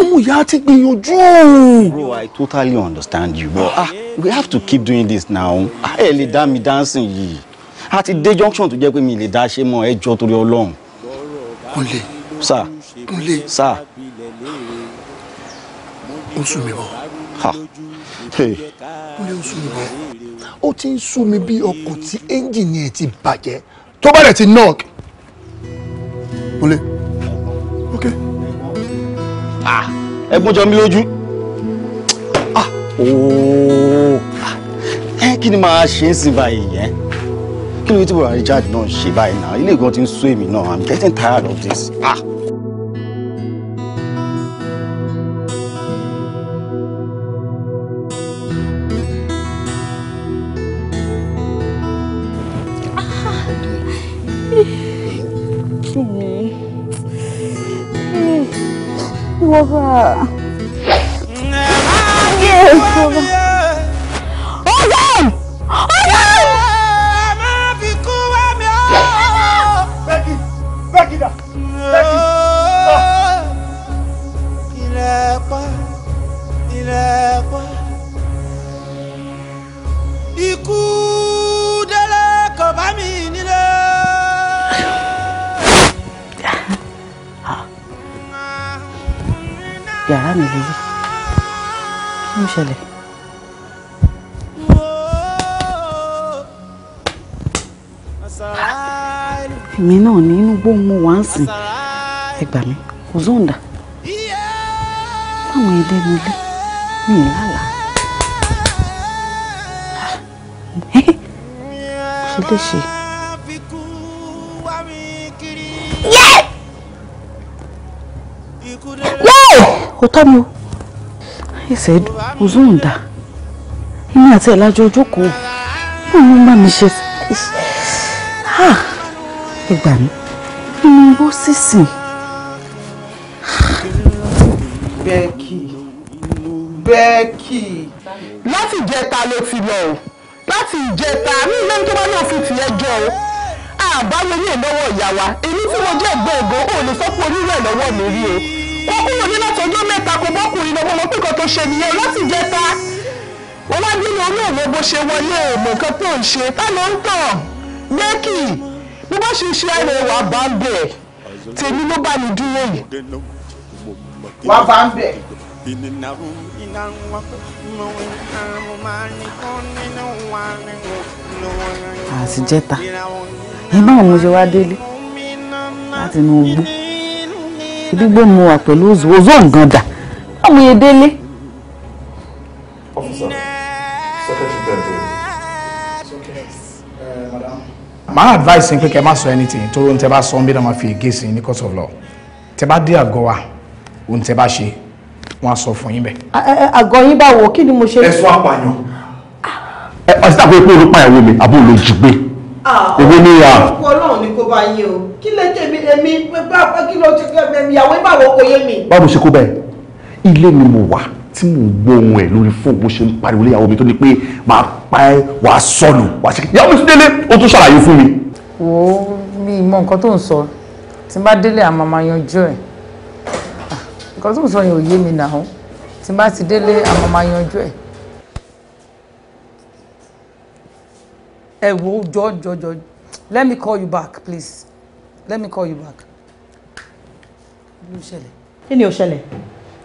ọmọ ìyá ti gbìyànjú. bro i totally understand you but ah we have to keep doing this now ah ẹ lè dá mi dancing yìí a ti dé junction tó jẹ́ pé mi lè dá ṣe mọ́ ẹ jọ torí ọlọ́run. kúnlẹ̀ sá kúnlẹ̀ sá ó sún mi bọ̀ kúnlẹ̀ ó sún mi bọ̀ ó ti ń sún mi bí ọkọ̀ tí ẹ́ńjìnì ẹ̀ ti bàjẹ́ tó bá dẹ̀ ti knock. Kúnlé. Ok. Ah, ẹ̀gbọ́n jọ mí lójú. Ah, ooo. Ah, ẹ kí ni màá ṣe ń sin báyìí yẹn? Kí ni wíńtí bọ̀rọ̀ àríjáde náà ṣe báyìí náà? Ilé ìgbọ́n ti ń sún èmi náà. I'm getting tired of this. Ah. 了。mi ẹ gbà mí kò zóńdà fáwọn ẹlẹ́nu ilé mi ì lálà ṣe lè ṣe. kò tọ́ mi o ẹsẹ̀ ozóǹda inú àti ẹ̀ lájọ ojókòó bóun ló ń bá mi ṣe ẹ gbà mí bó sísìn. bẹ́ẹ̀kì bẹ́ẹ̀kì láti ìjẹta ló ti lọ o láti ìjẹta ní ilé tó bá náà fi tiẹ̀ jọ o àbáwo ní ìlọ́wọ́ ìyá wa èmi tí mo jẹ́ ẹ̀gbọ́n ògo ò lè sọ pé onírú ẹ̀ lọ́wọ́ mi rí o kó kúrò ní láti ọjọ́ mẹ́ta kó bọ́kùnrin lọ́wọ́ mo pìkan tó ṣe nìyẹn láti ìjẹta wọ́n wá bí mo ní òwò bó ṣe wọlé òmò kan tó ń ṣe tá ló ń tàn bẹ́ẹ̀kì bí wọ́n ṣe ṣe àìrẹ̀wà bá ń bẹ̀ẹ́ tèmi ló bá mi dúró yìí. wá bá ń bẹ̀. àti jẹta ẹ bá àwọn ọmọ wa délé láti inú ogbó ibi gbé mu wà pẹ̀lú òzò òzò ǹgàndà báwo yẹ délé. My advice is pé kẹ́ ẹ má sọ anything tó ń tẹ́ bá sọ ń bí náà máa fi ègé ní court of law tẹ́ bá dé àgọ́ wa ohun tẹ́ bá ṣe wọ́n á sọ fún yín bẹ́ẹ̀. àgọ́ yín bá wò kí ni mo ṣe. ẹ̀sùn apààyàn. ọ̀sẹ̀ àpò epo olùpa mi àbò lè jù gbé. èwe ah, ni a. ọkọ Ọlọ́run ni kò bá yé o kí lè jẹ mi èmi bá kí ló ti mi ìyàwó ìbàwọ kò yé mi. báwo ṣe kó bẹ́ẹ̀ ilé ni mo wà tí mò ń gbọ́ ohun ẹ̀ lórí fóònù bó ṣe ń pariwo léyàwó mi tó ní pé máa pa ẹ́ wàá sọnù wàá ṣe ìyàwó mi tún délé ó tún ṣàlàyé fún mi. wo mi mọ nǹkan tó ń sọ tí n bá délé àmọ́ máa yanjú ẹ̀ ah, nǹkan tó ń sọ yẹn ò yé mi náà tí bá ti délé àmọ́ máa yanjú ẹ̀. ẹ wo jọjọjọ let me call you back please let me call you back. kí ni ó ṣẹlẹ̀. kí ni ó ṣẹlẹ̀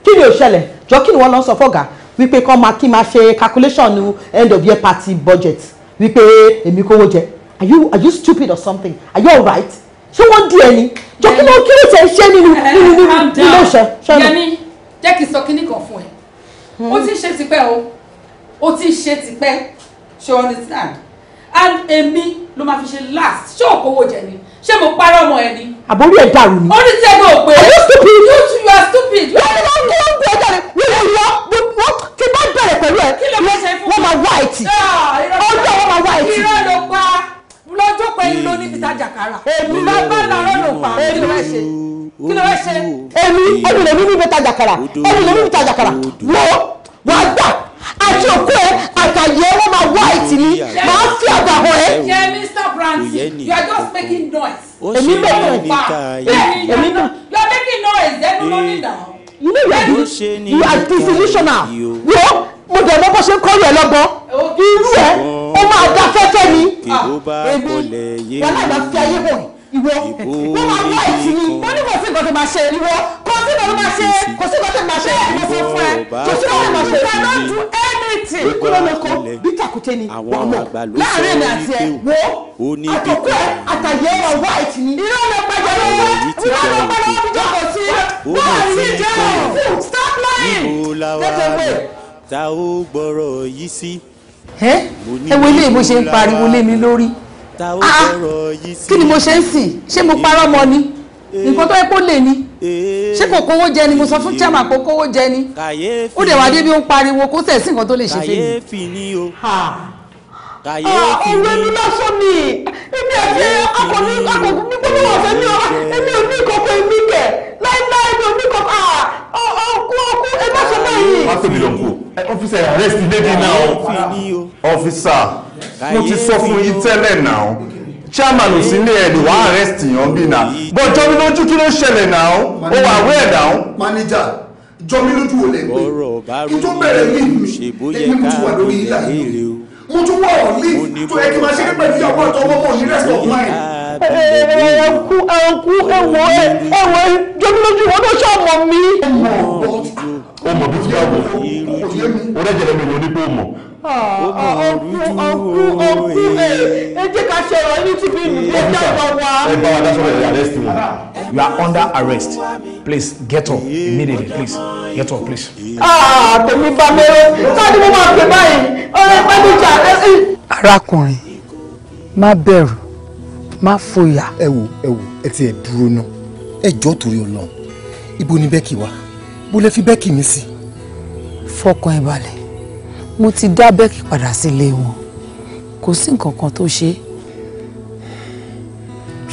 kí ni ò ṣẹlẹ̀ jọ kí ni wọ́n lọ sọ fọ́gà wípé kọ́ máa kí máa ṣe calculation end of year party budget wípé èmi kówó jẹ are you are you stupid or something are you alright ṣé wọ́n di ẹni jọ kí ló kí ló tẹ̀ ṣe nínú eh, nínú nínú nínú ṣe ṣe yẹmi jẹ́ kí n sọ kinní kan fún ẹ hmm. ó ti ṣe tipẹ́ o ó ti ṣe tipẹ́ ṣe understand and èmi ló máa fi ṣe last ṣé òkòwò jẹ ni ṣé mo parọ́ ọmọ ẹ ni. àbórí ẹ dàrú ni. ó ní sẹ́gun ò pé. are you stupid. you you are stupid. wọ́n ti máa ń gbé ọgbẹ́ ọjà go? wíwọ wọ́ wọ́n ti bá bẹ̀rẹ̀ pẹ̀lú ẹ̀. kí ló máa ṣe fún mi. wọ́n máa wá ẹ̀tì. ọjọ́ ah, wọn máa wá ẹ̀tì. irọ́ ló pa lọ́jọ́ pé ló ní bíta jàkàrà. èmi ló bá lọ́rọ́ ló pa kí ló fẹ́ ṣe. kí ló fẹ́ ṣe. èmi èmi lèmi ní bíta jàkàrà èmi lèmi ní bíta jàkàrà wọ́n wọ́n gbà àti òkú ẹ ṣàlàyé wọ́n máa wá ìtì mi máa fi àgbà hàn ẹ́. ṣé Mr. Branson you are just making noise. Oh, èmi bẹ̀rẹ̀ pa bẹ́ẹ̀ èmi you are making noise ẹnu ló ní you know you are oh, you are disillusional wo mo dẹ̀ mọ́ bó ṣe ń kọ́ rẹ̀ lọ́gbọ́n irú ẹ̀ ó máa dá fẹ́fẹ́ ni ah, èmi yàrá ìgbà fi ayé bọ̀ ìwọ wọ́n máa wá ìtì mi wọ́n ní kò sí nǹkan tó máa ṣe ìwọ kò sí nǹkan tó máa ṣe kò sí nǹkan tó máa ṣe ìwọ sọ fún ẹ kò sí nǹkan tó máa ṣe ìwọ náà ju ẹ anything kí ló lè ni wọ́n mọ̀ láàrin èmi àti ẹ̀ wo àtọ̀kọ́ ẹ̀ àtàyẹ̀ ẹ̀ white ni irọ́ lè pàjẹ́ lọ́wọ́ irọ́ lè pàjẹ́ lọ́wọ́ jọ̀kọ̀ sí báyìí jẹ́ stop lying get ta ó gbọ́rọ̀ yìí sí. ẹ ẹ wo ilé ìbò ṣe ń pariwo lé mi lórí ah, ah. kí ni mo ṣe ń sìn ṣé mo parọ́ mọ́ ni. Eh. nǹkan tó yẹ kó lè ní eh. ṣé kò kówó jẹ ni mo sọ fún chairman kò kówó jẹ ni ó dẹ̀ wá débi ó ń pariwo kó sẹ̀ sí nǹkan tó lè ṣe fẹ́ mi. Ah, ọ̀rọ̀ mi lásán ni èmi àti akọni akọni gbogbo ọ̀sẹ̀ mi ò eh. èmi ò ní ìkọ̀kọ̀ èmi kẹ̀ láíláí mi ò ní ìkọ̀kọ̀ ah, ọkú ọkú ẹ má sọ báyìí. má tóbi lọ kú ọfíìsà arrest lady now ọfíìsà mo ti sọ fún yín tẹ́lẹ̀ náà chairman ò sí ilé ẹ̀dùn wàá arrest yàn bí náà bọ́ jọmí lójú kí ló ṣẹlẹ̀ náà ó wà aware náà. manager jọmí lójú ò lè gbé ìjọ bẹ̀rẹ̀ yìí èmi mo ti wà lórí ilà yìí mo tún wọ̀ ọ́ lé tó yẹ kí n máa ṣe pẹ̀lú ìyàwó àtọwọ́ mọ̀ ní rest of mind ẹ̀ẹ̀kú eh, eh, eh, ẹ̀ẹ̀kú ẹ̀wọ̀ ẹ̀ ẹ̀wọ̀ ẹ̀ jẹ́mílójú wọn ló ṣàmọ̀ mí. ó mọ̀ bí ti yà wọ̀ ó rẹ̀ jẹ̀rẹ̀ mi ló ní pé ó mọ̀ you are under arrest please get up immediately please get up please. Ah, tèmi bá mi rò sáàdì mo máa pè báyìí ọ̀rẹ́ pẹ́lújà ẹ. arákùnrin má bẹ̀rù má fòyà. ẹ wo ẹ wo ẹ ti ẹ dúró náà ẹ jọ́ torí Ọlọ́run ibo ni bẹ́ẹ̀kì wa bó lẹ fi bẹ́ẹ̀kì mi sí. fọkàn ẹ balẹ̀ mo ti dá bẹ́ẹ̀kì padà sílé wọn kò sí nǹkan kan tó ṣe é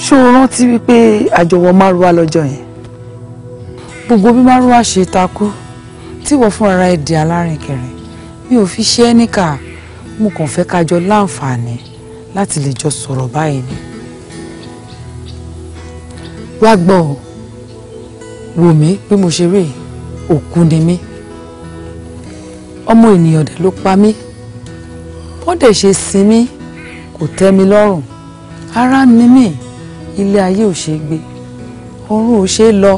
ṣé o rántí wípé àjọwọ márùwá lọ́jọ́ yẹn gbogbo bí márùwá ṣe takú tí wọ́n fún ara ẹ̀ di alárìnkẹrìn mi ò fi ṣe é níkà mo kàn fẹ́ ká láǹfààní láti lè jọ sọ̀rọ̀ báyìí ni wá gbọ́ wò mí bí mo ṣe rí òkú ni mí ọmọ ènìyàn dẹ̀ ló pa mí wọ́n dẹ̀ ṣe sin mí kò tẹ́ mi lọ́rùn ara ni mí ilé ayé ò ṣe gbé ọ̀run ò ṣe lọ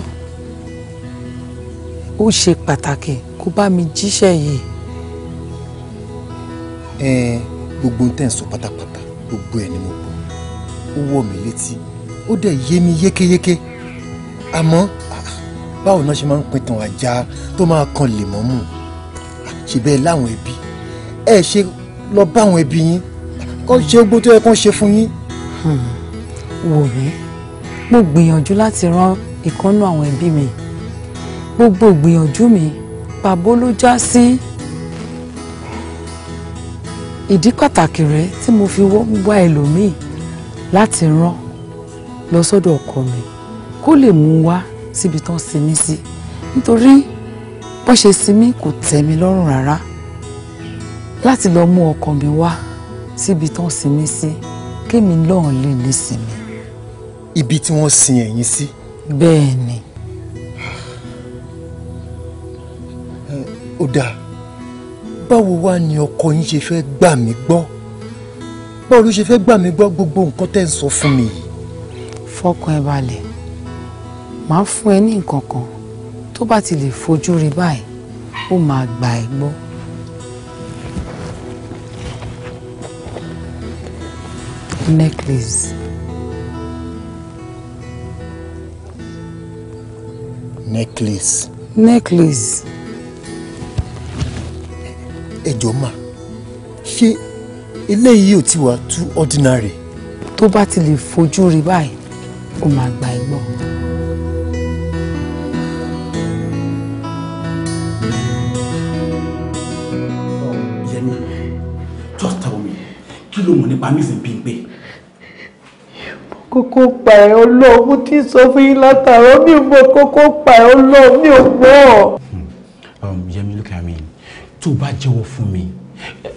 ó ṣe pàtàkì kó bá mi jíṣẹ́ yìí. ẹ gbogbo ń tẹ̀sán pátápátá gbogbo ẹ̀ ni mo gbọ́ ó wọ̀ mí létí ó dẹ̀ yé mi yékéyéké àmọ́ báwo náà ṣe máa ń pin tàn àjà tó máa kan lè mọ́ mú ṣe bẹ́ẹ̀ láwọn ẹbí ẹ ṣe lọ bá àwọn ẹbí yín kó ṣe ogun tó yẹ kó ṣe fún yín. Hmm. wò mí mo gbìyànjú láti ran ìkọ́nú àwọn ẹbí mi gbogbo ìgbìyànjú mi pàbó ló já sí ìdí pàtàkì rẹ̀ tí mo fi wá ẹlòmíì láti rán lọ sọ́dọ̀ ọkọ mi kó lè mú wá síbi tán sinmi sí nítorí bó ṣe sinmi kò tẹ́ mi lọ́rùn rárá láti lọ mú ọkàn mi wá síbi tán sinmi sí kémi lọ́hùn lè nísinmi. ibi tí wọ́n sin ẹ̀yin sí. bẹ́ẹ̀ ni. ó dáa báwo wá ni ọkọ yín ṣe fẹ́ gbà mí gbọ́ báwo ló ṣe fẹ́ gbà mí gbọ́ gbogbo nǹkan tẹ́ ń sọ fún mi fọkàn ẹ balẹ̀ màá fún ẹ ní nǹkan kan tó bá ti lè fojú rí báyìí ó máa gbà ẹ́ gbọ́. necklace. necklace. necklace. ẹ jọ̀ọ́ mà ṣé eléyìí ò ti wà too ordinary. tó bá ti lè fojú rí báyìí ó máa gbà ẹ́ gbọ́. ló mọ̀ nípa mísìn Bímpé. kókó pa ẹ Ọlọ́run mo ti sọ fún yín látàárọ̀ mi ò mọ kókó pa ẹ Ọlọ́run mi ò mọ. Yẹmi look at me tó o bá jẹ́wọ́ fún mi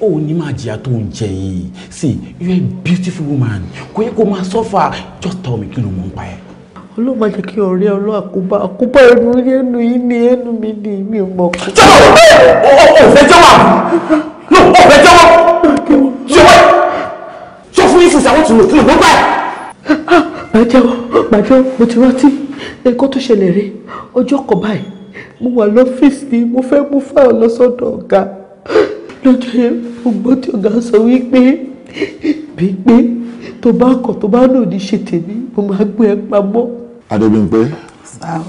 ó ní máa jìyà tó ń jẹ yìí see you are a beautiful woman kò yẹ kó máa suffer just tell me kí ló mọ̀ ń pa ẹ́. olóògbé jẹ́ kí ọ̀rẹ́ ọlọ́ àkóbá àkóbá ẹnu ẹnu yìí ni ẹnu mi ni mi ò mọ̀. jọ̀wọ́ o ò fẹ́ jọ́wọ́ àbúrò. this i want to know kí ló gbogbo ẹ̀. bàjẹ́wọ́ bàjẹ́wọ́ mo ti rántí nǹkan tó ṣẹlẹ̀ rẹ̀ ọjọ́ kan báyìí mo wà lọ́fíìsì ni mo fẹ́ mú fáwọn lọ sọ́dọ̀ ọ̀gá lọ́jọ́ yẹn mo gbọ́ tí ọ̀gá sọ wípé bíi pé tó bá kọ̀ tó bá nà ní ṣe tèmi mo máa gbé ẹ pamọ́. adébíyànpé. sá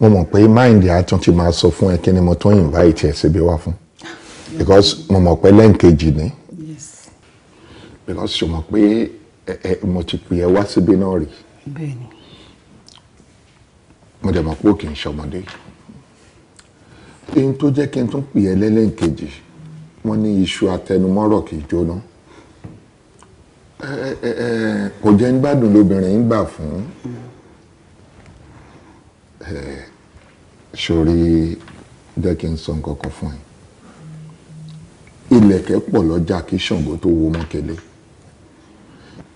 mo mọ̀ pé máìndì àtún ti máa sọ fún ẹ kí ni mo tún invite ẹ síbi wá fún because mo mọ̀ pé lẹ́ǹkejì ni because ṣe mọ̀ pé ẹ mo ti pè ẹ wá síbí náà rí mo dẹ̀ mọ̀ pé ó kì í ṣọmọdé ohun tó jẹ́ kí n tún pè ẹ lẹ́lẹ́ǹkejì wọ́n ní iṣu atẹnumọ́rọ̀ kì í jóná kò jẹ́ ń lóbìnrin ń gbà fún sórí jẹ́ kí n sọ nǹkan kan fún ẹ ilẹ̀kẹ̀ pọ̀ lọ́jà kí Ṣàngó tó wo mọ́kẹ́lẹ́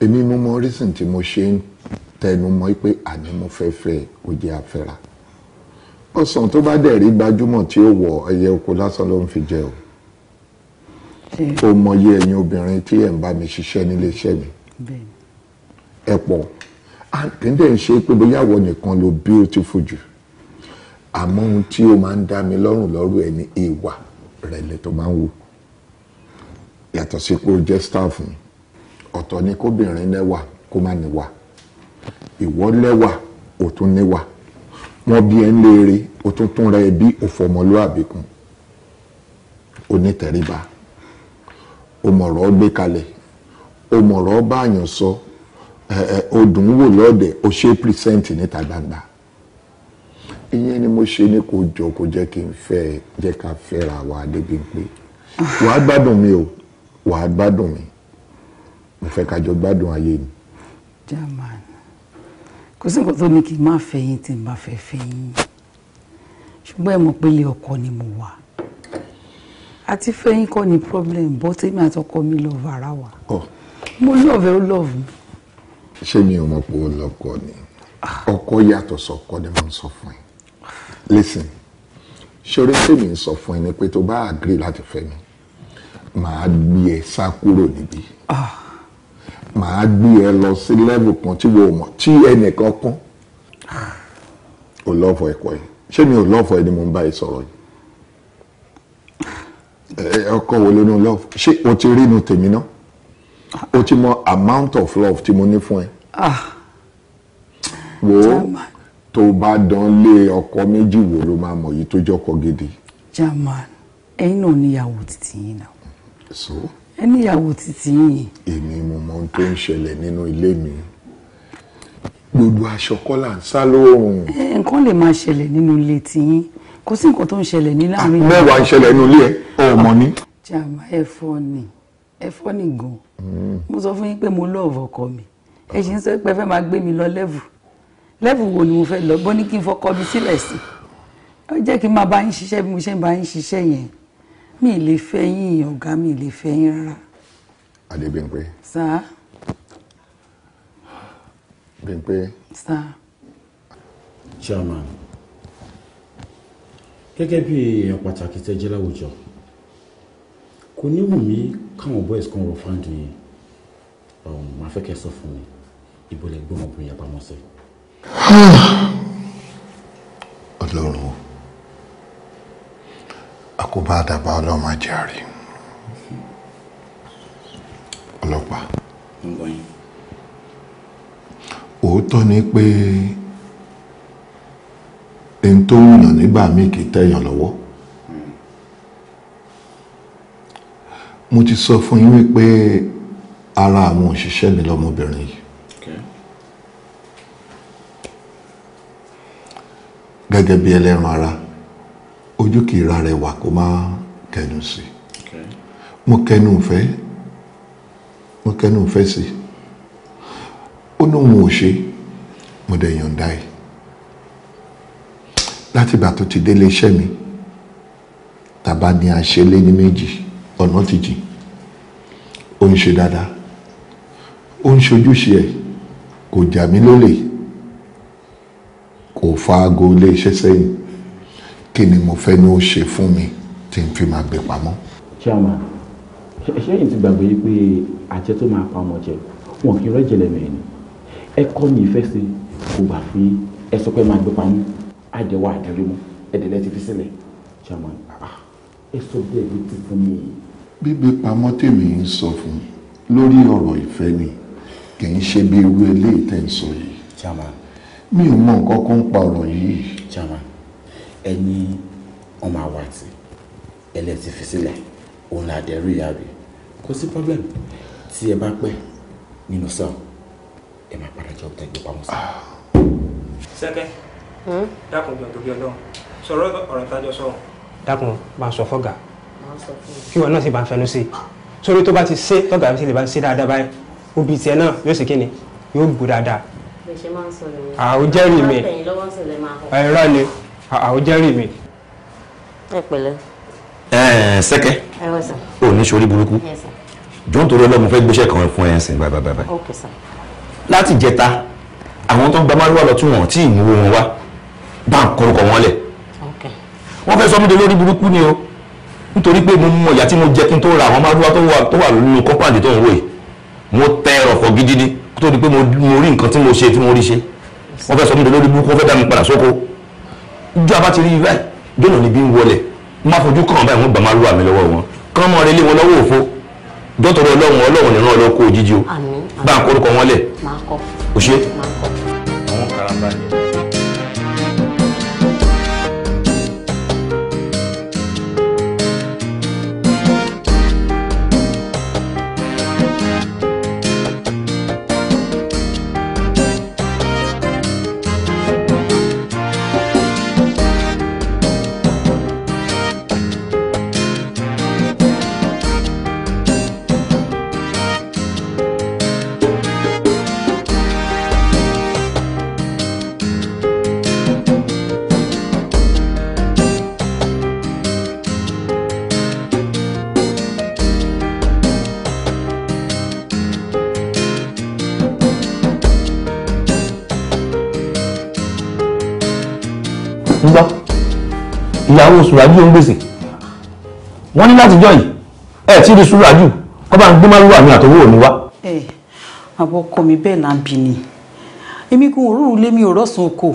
èmi mo mọ reason tí mo ṣe ń tẹnu mọ́ pé àní mo fẹ́ fẹ́ ó jẹ́ afẹ́ra ọsàn tó bá dẹ̀ rí gbajúmọ̀ tí ó wọ ẹyẹ oko lásán ló ń fi jẹ o ó mọyé ẹ̀yin obìnrin tí ẹ̀ ń bá mi ṣiṣẹ́ níléeṣẹ́ mi ẹ pọ̀ àkíndẹ̀ ń ṣe pé bóyá àwọ̀ nìkan ló beautiful jù àmọ́ ohun tí ó máa ń dá mi lọ́rùn lọ́rùn ẹ̀ ní ìwà rẹ̀lẹ̀ tó máa ń wù yàtọ̀ sí pé ó jẹ́ staff mi. ọ̀tọ̀ ni kóbìnrin lẹ́wà kó má níwà ìwọ lẹ́wà ò tún níwà wọ́n bí ẹ ń léere ó tún tún ra ẹbí òfòmọlúàbí kun onítẹ̀ríba ó gbé kalẹ̀ ó mọ̀rọ̀ báàyàn sọ ó dùn wò lọ́ọ̀dẹ̀ ó ṣe pírísẹ́ǹtì níta gbangba ìyẹn ni mo ṣe ní kò jọ kò jẹ́ kí n fẹ́ jẹ́ ká fẹ́ra wa débi pé wàá gbádùn mi o wàá gbádùn mi. mo fẹ́ ká jọ gbádùn ayé ni. german kò sí nǹkan tó ní kí n má fẹ́ yín tí n bá fẹ́ fẹ́ ṣùgbọ́n ẹ mọ̀ pé ilé ọkọ ni mo wà àti fẹ́yìn kọ́ ni problem bọ́ tèmi àtọkọ mi love ara wa mo love ẹ ó love mi. ṣé mi ò mọ̀ pé ó lọ́kọ ni ọkọ yàtọ̀ sọ́kọ ni mo ń sọ fún ẹ listen ṣọlá tèmi ń sọ fún ẹ ni pé tó bá agree láti fẹ́ mi màá gbé ẹ sá kúrò níbí. Ah màá gbé ẹ lọ sí level kan tí wo mọ̀ tí ẹnìkan kún ò lọ́fọ̀ ẹ̀kọ́ yìí ṣé mi ò lọ́fọ̀ ẹ ni mo ń bá ẹ sọ̀rọ̀ yìí ọkọ wo ló ní love ṣé o ti rí inú tèmi náà o ti mọ amount of love tí mo ní fún ẹ ah. wo tó bá dán lé ọkọ méjì wo ló máa mọ̀ yìí tó jọ́kọ gidi. German ẹ̀yin náà níyàwó títí yín náà. so ẹ níyàwó títí yìí. èmi mo mọ ohun tó ń ṣẹlẹ̀ nínú ilé mi gbogbo aṣọ kọ́là ń sá lóòrùn. nǹkan lè máa ṣẹlẹ̀ nínú ilé tiyín kò sí nǹkan tó ń ṣẹlẹ̀ ní láàrin. Ah, mẹ́wàá ń ṣẹlẹ̀ nínú ilé ẹ ọmọ ni. jàmbá ẹ̀fọ́ ni ẹ̀fọ́ ni gan. Hmm. mo sọ fún yín pé mo lọ́ọ̀vọ̀ ọkọ mi ẹ ṣì ń sọ pé fẹ́ máa gbé mi lọ lẹ́vù lẹ́vù wo ni mo fẹ́ lọ bọ́ ní kí n fọkọ mi sílẹ̀ sí i ó jẹ́ kí n máa bá yín ṣiṣẹ́ bí mo ṣe ń bá yín ṣiṣẹ́ yẹn mi lè fẹ́ yín ọ̀gá mi lè fẹ́ yín rárá. Adébímpé. sá. Bímpé. sá. chairman gẹ́gẹ́ bí èèyàn pàtàkì tẹ́jẹ́ láwùjọ kò ní wù mí káwọn boys kan rọ fáǹdù yìí um, màá fẹ́ kẹ́ sọ fún mi ìbọ̀lẹ̀ gbọ́mọbìnrin yàgbá mọ́sẹ̀. ọlọ́run o àkóbá àdàbà ọlọ́mọ ajáre ọlọ́pàá òótọ́ ni pé ẹni tó ń yàn nígbà míì kì í tẹ̀yàn lọ́wọ́ mo ti sọ fún yín wípé ara àwọn òṣìṣẹ́ mi lọ́mọbìnrin yìí gẹ́gẹ́ bí ẹlẹ́ran ara ojú kì í ra rẹ̀ wà kó má kẹnu sí mo kẹnu ìfẹ́ mo kẹnu ìfẹ́ sí ó ní òun ò ṣe mo dẹ̀ yọ̀ǹda ẹ̀ láti ìgbà tó ti délé iṣẹ́ mi tàbá ni a ṣe lé ní méjì ọ̀nà ti jìn ó ń ṣe dáadáa ó ń ṣojúṣe ẹ̀ kò jà mí lólè kò fa aago ilé iṣẹ́ sẹ́yìn kí ni mo fẹ́ ní ó ṣe fún mi tí n fi máa gbé pamọ́. chairman ṣé èyí ti gbàgbé yìí pé àjẹ tó máa pa ọmọ jẹ wọn kì í rẹ́ jẹlẹ̀ mẹ́rin ẹ kọ́ ní ìfẹ́ sí kò gbà pé ẹ pé máa gbé pamọ́ àjẹwà àdẹrẹ́mú ẹ̀dẹ̀lẹ́ ti fi sílẹ̀ chairman ah, ẹ sọ bí ti fún mi. gbígbé pamọ́ tèmi ń sọ fún lórí ọ̀rọ̀ ìfẹ́ ni kì í ṣe bí irú eléyìí tẹ̀ ń sọ yìí. chairman mi ò mọ nǹkan kan pa ọ̀rọ̀ yìí. chairman ẹni wọn máa wà tí ẹlẹ́ ti fi sílẹ̀ òun là dẹ̀ rí ìyáàbí kò sí problem tí ẹ bá pẹ́ nínú cell ẹ máa padà jọ tẹ gbé pamọ́ sí. sẹ́kẹ́ hmm? dákun jọ torí ọlọ́run sọ̀rọ̀ ọ̀rọ̀ tájọ sọ̀rọ̀. dákun máa sọ fọ́gà kí wọn náà sì bá ń fẹnu sí i sórí tó bá ti ṣe tọ́gà sì lè bá ń ṣe dáadáa báyìí obì tiẹ̀ náà yóò ṣe kí ni yóò gbó dáadáa. bẹ́ẹ̀ ṣe máa ń sọ lóyún. àwọn jẹ́rìí mi ẹ̀rọ ni àwọn jẹ́rìí mi. ẹ pẹ̀lẹ́. ẹ sẹ́kẹ́ ò ní sori burúkú jọ́n torí ọlọ́mọ fẹ́ gbéṣẹ́ kan fún ẹ ẹsẹ̀ báyìí báyìí. láti jẹta àwọn tó ń gba márùwá lọ tún wọn tí ìmúwò wọn wá bá ń korúkọ wọn lẹ̀ wọ́n fẹ́ sọ mí de lórí burúkú ni o nítorí pé mo mọ ìyá tí mo jẹ kí n tó ra àwọn márùwá tó wà lórí kọ́pàdé tó ń wò yìí mo tẹ ẹrọ̀fọ̀ gidi ni kó tó di pé mo rí nǹkan tí mo ṣe tí mo rí ṣe wọ́n fẹ́ sọ mí de lórí burúkú wọ́n fẹ́ dá mi padà sóko ìjọ abá ti rí ibà jọ̀nà níbi ń wọlẹ̀ má fojú kàn báyìí wọ́n gbà má lu àmì lọ́wọ́ wọn kán mọ́ relé wọn lọ́wọ́ òfo dọ́tọ̀rọ̀ ọlọ́run ọlọ́run nìran ọlọ́kọ̀ òjijì o bá ń korúkọ wọn lẹ̀ òṣè. àwọn karambà ìyàwó sùràjù ń gbèsè wọ́n ní láti jọ yìí tí rí sùràjù kọ́ bá ń gbé máa àmì àtọwọ́ òní wá. ẹ mi bẹ́ẹ̀ là ń bì ni èmi lé mi ò rọsùn oko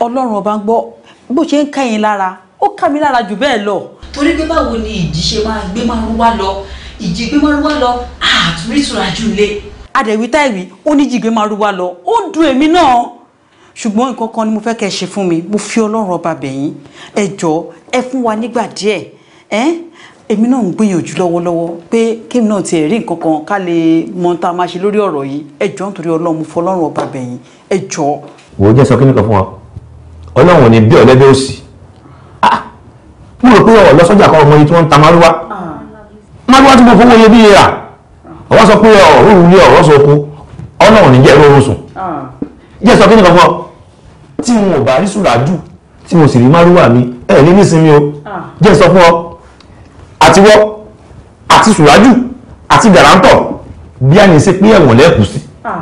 Ọlọ́run ọba ń gbọ́ bó ṣe ń ká yín lára ó mi lára jù bẹ́ẹ̀ lọ. torí pé ni ìjì ṣe máa gbé márùnwá lọ ìjì gbé márùnwá lọ àtúrí sùràjù lé. adẹ̀wí táìwí ó ní jìgbé márùnwá lọ ó èmi náà. ṣùgbọ́n nǹkan kan ni mo fẹ́ kẹ́ ẹ ṣe fún mi mo fi ọlọ́run ọba bẹ̀yìn ẹ jọ ẹ fún wa nígbà díẹ̀ èmi náà ń gbìyànjú lọ́wọ́lọ́wọ́ pé kémi náà tiẹ̀ rí nǹkan kan ká lè mọ tá a máa ṣe lórí ọ̀rọ̀ yìí ẹ jọ nítorí ọlọ́run mo fọ ọlọ́run ọba bẹ̀yìn ẹ jọ. wò ó jẹ́ sọ kí nìkan fún wa ọlọ́run ni bí ọ̀lẹ́bẹ̀ òsì ah, ah. mo rò pé ọ̀ lọ́sọ́jà kan ọmọ yìí tí wọ́n ń ta márúwá márúwá tí mo fowó yẹ bí ra ọwọ́ sọ pé ọ̀rọ̀ òun ní ọ̀rọ̀ sọ kú ọlọ́run ní jẹ́ ẹ̀rọ orun sùn ah. jẹ́ sọ kí nìkan fún ọ tí n ò bá rí sùràjù tí mo sì rí márúwà mi ẹ ní nísinmi o ah. jẹ́ sọ fún ọ àtiwọ́ àti sùràjù àti gàràǹtọ̀ bí a ní ṣe pín ẹ̀wọ̀n lẹ́kùú sí. Ah.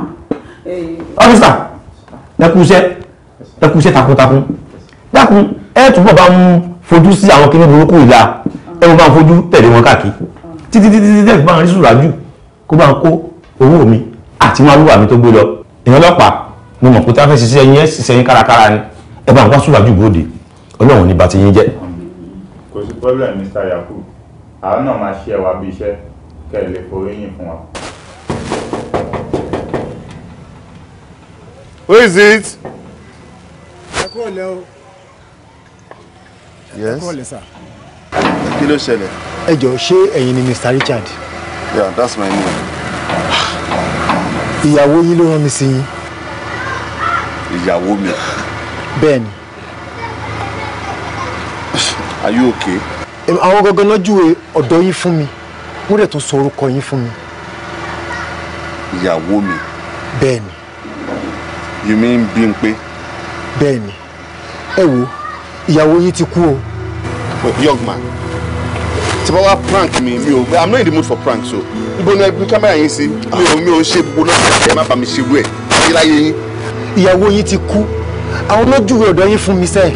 Eh. ọ́fíìsà lẹ́kùúṣẹ́ lẹ́kùúṣẹ́ takuntakun dákun ẹ túbọ̀ bá ń fojú sí àwọn kinní burúkú ìlà ẹ mo bá ń fojú tẹ̀lé wọn káàkiri títí títí títí tẹ̀ fi bá ń rí sùràjù kó bá ń kó owó mi àti márúwà mi tó gbé lọ ìyẹn ọlọ́pàá mo mọ̀ pé tá a fẹ́ ṣiṣẹ́ yín ẹ́ ṣiṣẹ́ yín kárakára ni ẹ bá ń wá sùwájú bòde ọlọ́run ní bàtí yín jẹ́. kò sí problem Mr. Yakubu àwọn náà máa ṣe ẹwà bí iṣẹ́ kẹ́ ẹ lè forí yìn fún wa. Who is it? ẹ kúrò lẹ́ o. yes ẹ kúrò lẹ́ sà. kí ló ṣẹlẹ̀. ẹ jọ̀ọ́ ṣé ẹ̀yin ni Mr. Richard. yeah that's my name. Ah. ìyàwó yín ló rán mi sí yín ìyàwó mi. bẹ́ẹ̀ni. are you okay? àwọn gangan náà júwe ọ̀dọ́ yín fún mi wọ́n dẹ̀ tún sọ orúkọ yín fún mi. ìyàwó mi. bẹ́ẹ̀ni. you mean Bímpé? bẹ́ẹ̀ni ẹ wo ìyàwó yín ti kú o. young man tí wọ́n wá prank mi mi ò i'm not in the mood for prank so níbo ni ẹ kámẹ́rà yín sí mi ò mi ò ṣe gbogbo náà ẹ má bà mí ṣerú ẹ̀ yíláyé yín ìyàwó yín ti kú àwọn lójúwe ọ̀dọ́ yín fún mi sẹ́ẹ̀.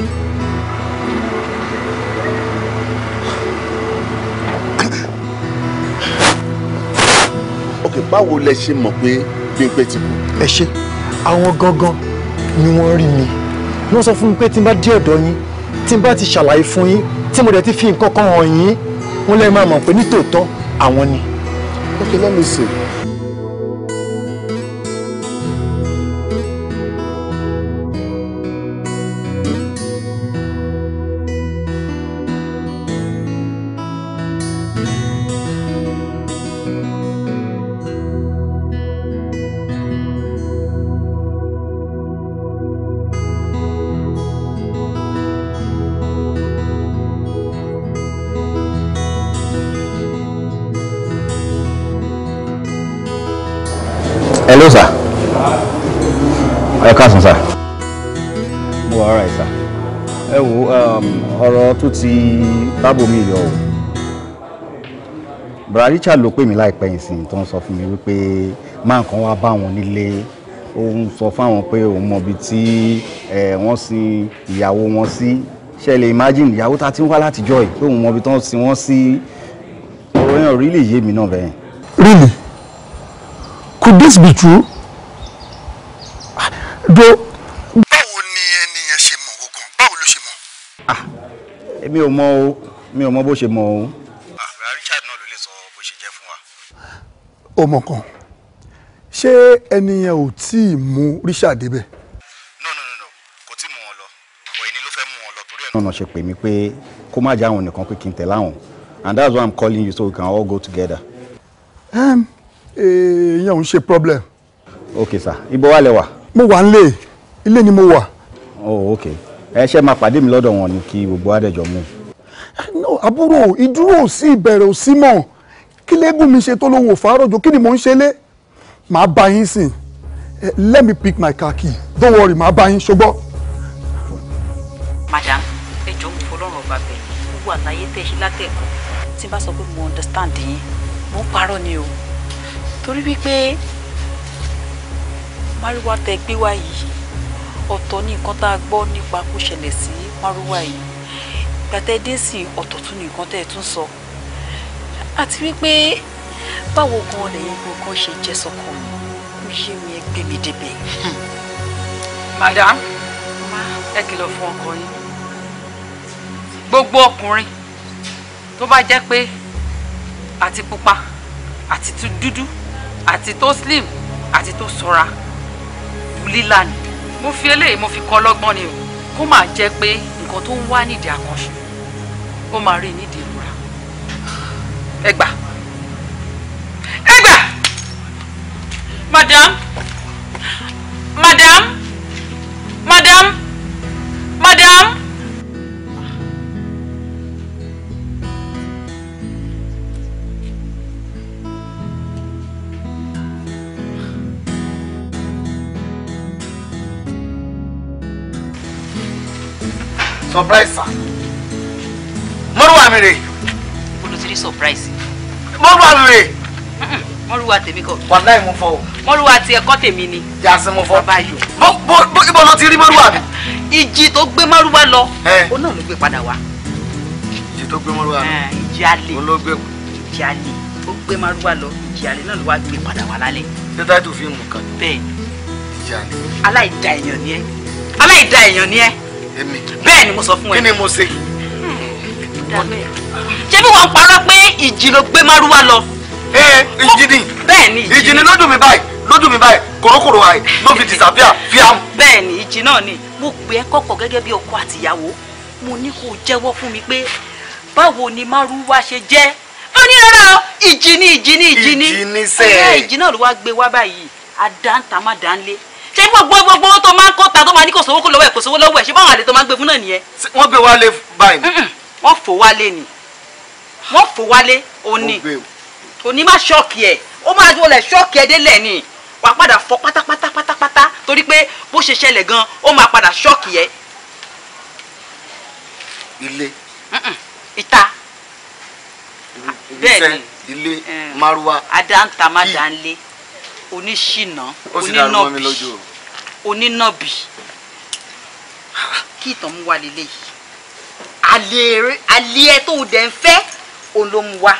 ok báwo lẹ ṣe mọ̀ pé Bímpé ti kú. ẹ ṣe àwọn gangan ni wọ́n rí mi wọ́n sọ fún mi pé tí n bá dé ọ̀dọ̀ yín tí n bá ti ṣàlàyé fún yín tí mo dẹ̀ ti fi nǹkan kan hàn yín wọ́n lè máa mọ̀ pé nítòótọ́ àwọn ni. ok let me see ẹ káàsán sá. mo wà ara ẹ sá ẹ wo ọ̀rọ̀ tó ti bábò mi yọ o bra Richard ló pè mí láìpẹ́ yìí sí tó ń sọ fún mi wípé máa kan wá bá wọn nílé ó ń sọ fáwọn pé òun mọ ibi tí wọ́n sin ìyàwó wọn sí ṣe lè imagine ìyàwó ta ti ń wá látijọ́ yìí pé òun mọ ibi tó ń sin wọ́n sí ọ̀rọ̀ yẹn ò rí lè yé mi náà bẹ́ẹ̀. Really? Could this be true? mi ò mọ o mi ò mọ bó ṣe mọ o. Richard náà ló lè sọ bó ṣe jẹ́ fún wa. ó mọ̀ kan ṣé ẹni yẹn ò tí ì mú Richard débẹ̀. no no no kò tí ì mú wọn lọ ọ̀ ẹni ló fẹ́ mú wọn lọ torí ẹ̀. náà ṣe pè mí pé kó má jáwọn nìkan pé kí n tẹ̀lé àwọn and that's why i'm calling you so we can all go together. èèyàn ò ń ṣe problem. ok sir ibo wà lẹ wà. mo wà nílé ilé ni mo wà. oh ok ẹ ṣe máa pàdé mi lọ́dọ̀ wọn ni kí gbogbo àdẹ̀jọ́ mú. àbúrò ìdúró ò sí ìbẹ̀rẹ̀ ò sí mọ̀ kí lẹ́gùn mi ṣe tó lóhùn òfàárọ̀jọ́ kí ni mò ń ṣe lé màá bá yín sìn eh, let me pick my car key don't worry màá bá yín ṣùgbọ́n. madam ẹ jọ̀ọ́ mo fọlọ́run ọba bẹ̀ gbogbo àlàyé tẹ̀ ṣe látẹ̀kọ́ tí n bá sọ pé mo understand yín mo ń parọ́ ni o torí wípé márùwá tẹ gbé wá yìí ọ̀tọ̀ ní nǹkan tá a gbọ́ nípa kó ṣẹlẹ̀ sí márúwá yìí gbàtẹ́ dé sí ọ̀tọ̀ tún ní nǹkan tẹ́ ẹ tún sọ àti wípé báwo gan lẹ́yìn gbogbo ṣe jẹ́ sọkọ mi kó yé mi ẹ gbé mi débẹ̀. Hmm. madam ẹ kìlọ̀ fún ọkọ yín gbogbo ọkùnrin tó bá jẹ́ pé àti pupa àti dúdú àti tó slim àti tó sọra lílà mo fi eléyìí mo fi kọ́ lọ́gbọ́n ni o kó máa jẹ́ pé nǹkan tó ń wá nídìí àkànṣe ó máa rí nídìí ìrora ẹ gbà ẹ gbà madam madam madam. surprise sa mọ́rùwà mi rè. olùsírí surprise. mọ́rùwà mi rè. mọ́rùwà tèmi kọ. wàláì mo fọ o. mọ́rùwà ti ẹ̀kọ́ tèmi ni. yàtí mo fọ. bàbá yò. bó bó ibo ló ti rí mọ́rùwà mi. ìjì tó gbé mọ́rùwà lọ. ó náà ló gbé padà wá. ìjì tó gbé mọ́rùwà lọ. ìjì alè. ó ló gbé. ìjì alè ó gbé mọ́rùwà lọ ìjì alè náà ló wá gbé padà wá lálẹ́. ṣé táìtù fíìmù kan. bẹ́ẹ̀ ni aláìda èèyàn ni ẹ aláìda èèyàn ni ẹ èmi bẹ́ẹ̀ ni mo sọ fún ẹ. kí ni mo ṣe. ṣé bí wọ́n parọ́ pé ìjì ló gbé márúwá lọ. ee ìjì ni bẹ́ẹ̀ ni ìjì ni lójú mi báyìí lójú mi báyìí kòrókòrò àì ló fi disappear fiam. bẹ́ẹ̀ ni ìjì náà ni mo pè ẹ́ kọ́kọ́ gẹ́gẹ́ bí ọkọ àtìyàwó mo ní kó jẹ́wọ́ fún mi pé báwo ni márúwá ṣe jẹ́ ó ní rárá ìjì ni ìjì ni ìjì ni ìjì náà ló wá gbé wá báyìí àdáńtàmádánlé ṣé gbogbo gbogbo owó tó máa ń kọ́ta tó máa ní kò sówó kó lọ́wọ́ ẹ̀ kò sówó lọ́wọ́ ẹ̀ ṣé báwọn àlè tó máa ń gbé fún náà nìyẹn. wọ́n gbé wálé báyìí. wọ́n fò wálé ni wọ́n fò wálé òní òní má ṣọ́ọ̀kì ẹ̀ ó máa dúró lẹ̀ ṣọ́ọ̀kì ẹ̀ délẹ̀ ni wàá padà fọ́ pátápátá pátápátá torí pé bó ṣe ṣẹlẹ̀ gan ó máa padà ṣọ́ọ̀kì ẹ̀. ilé. ìta. bẹ́ẹ̀ ni eh. adanta má dá ń lé oníṣìnà onínàbì. ó onínàbì kí ìtàn mú wa lélẹ̀ yìí àlè ẹ tó o dẹ̀ ń fẹ́ òun ló mú wa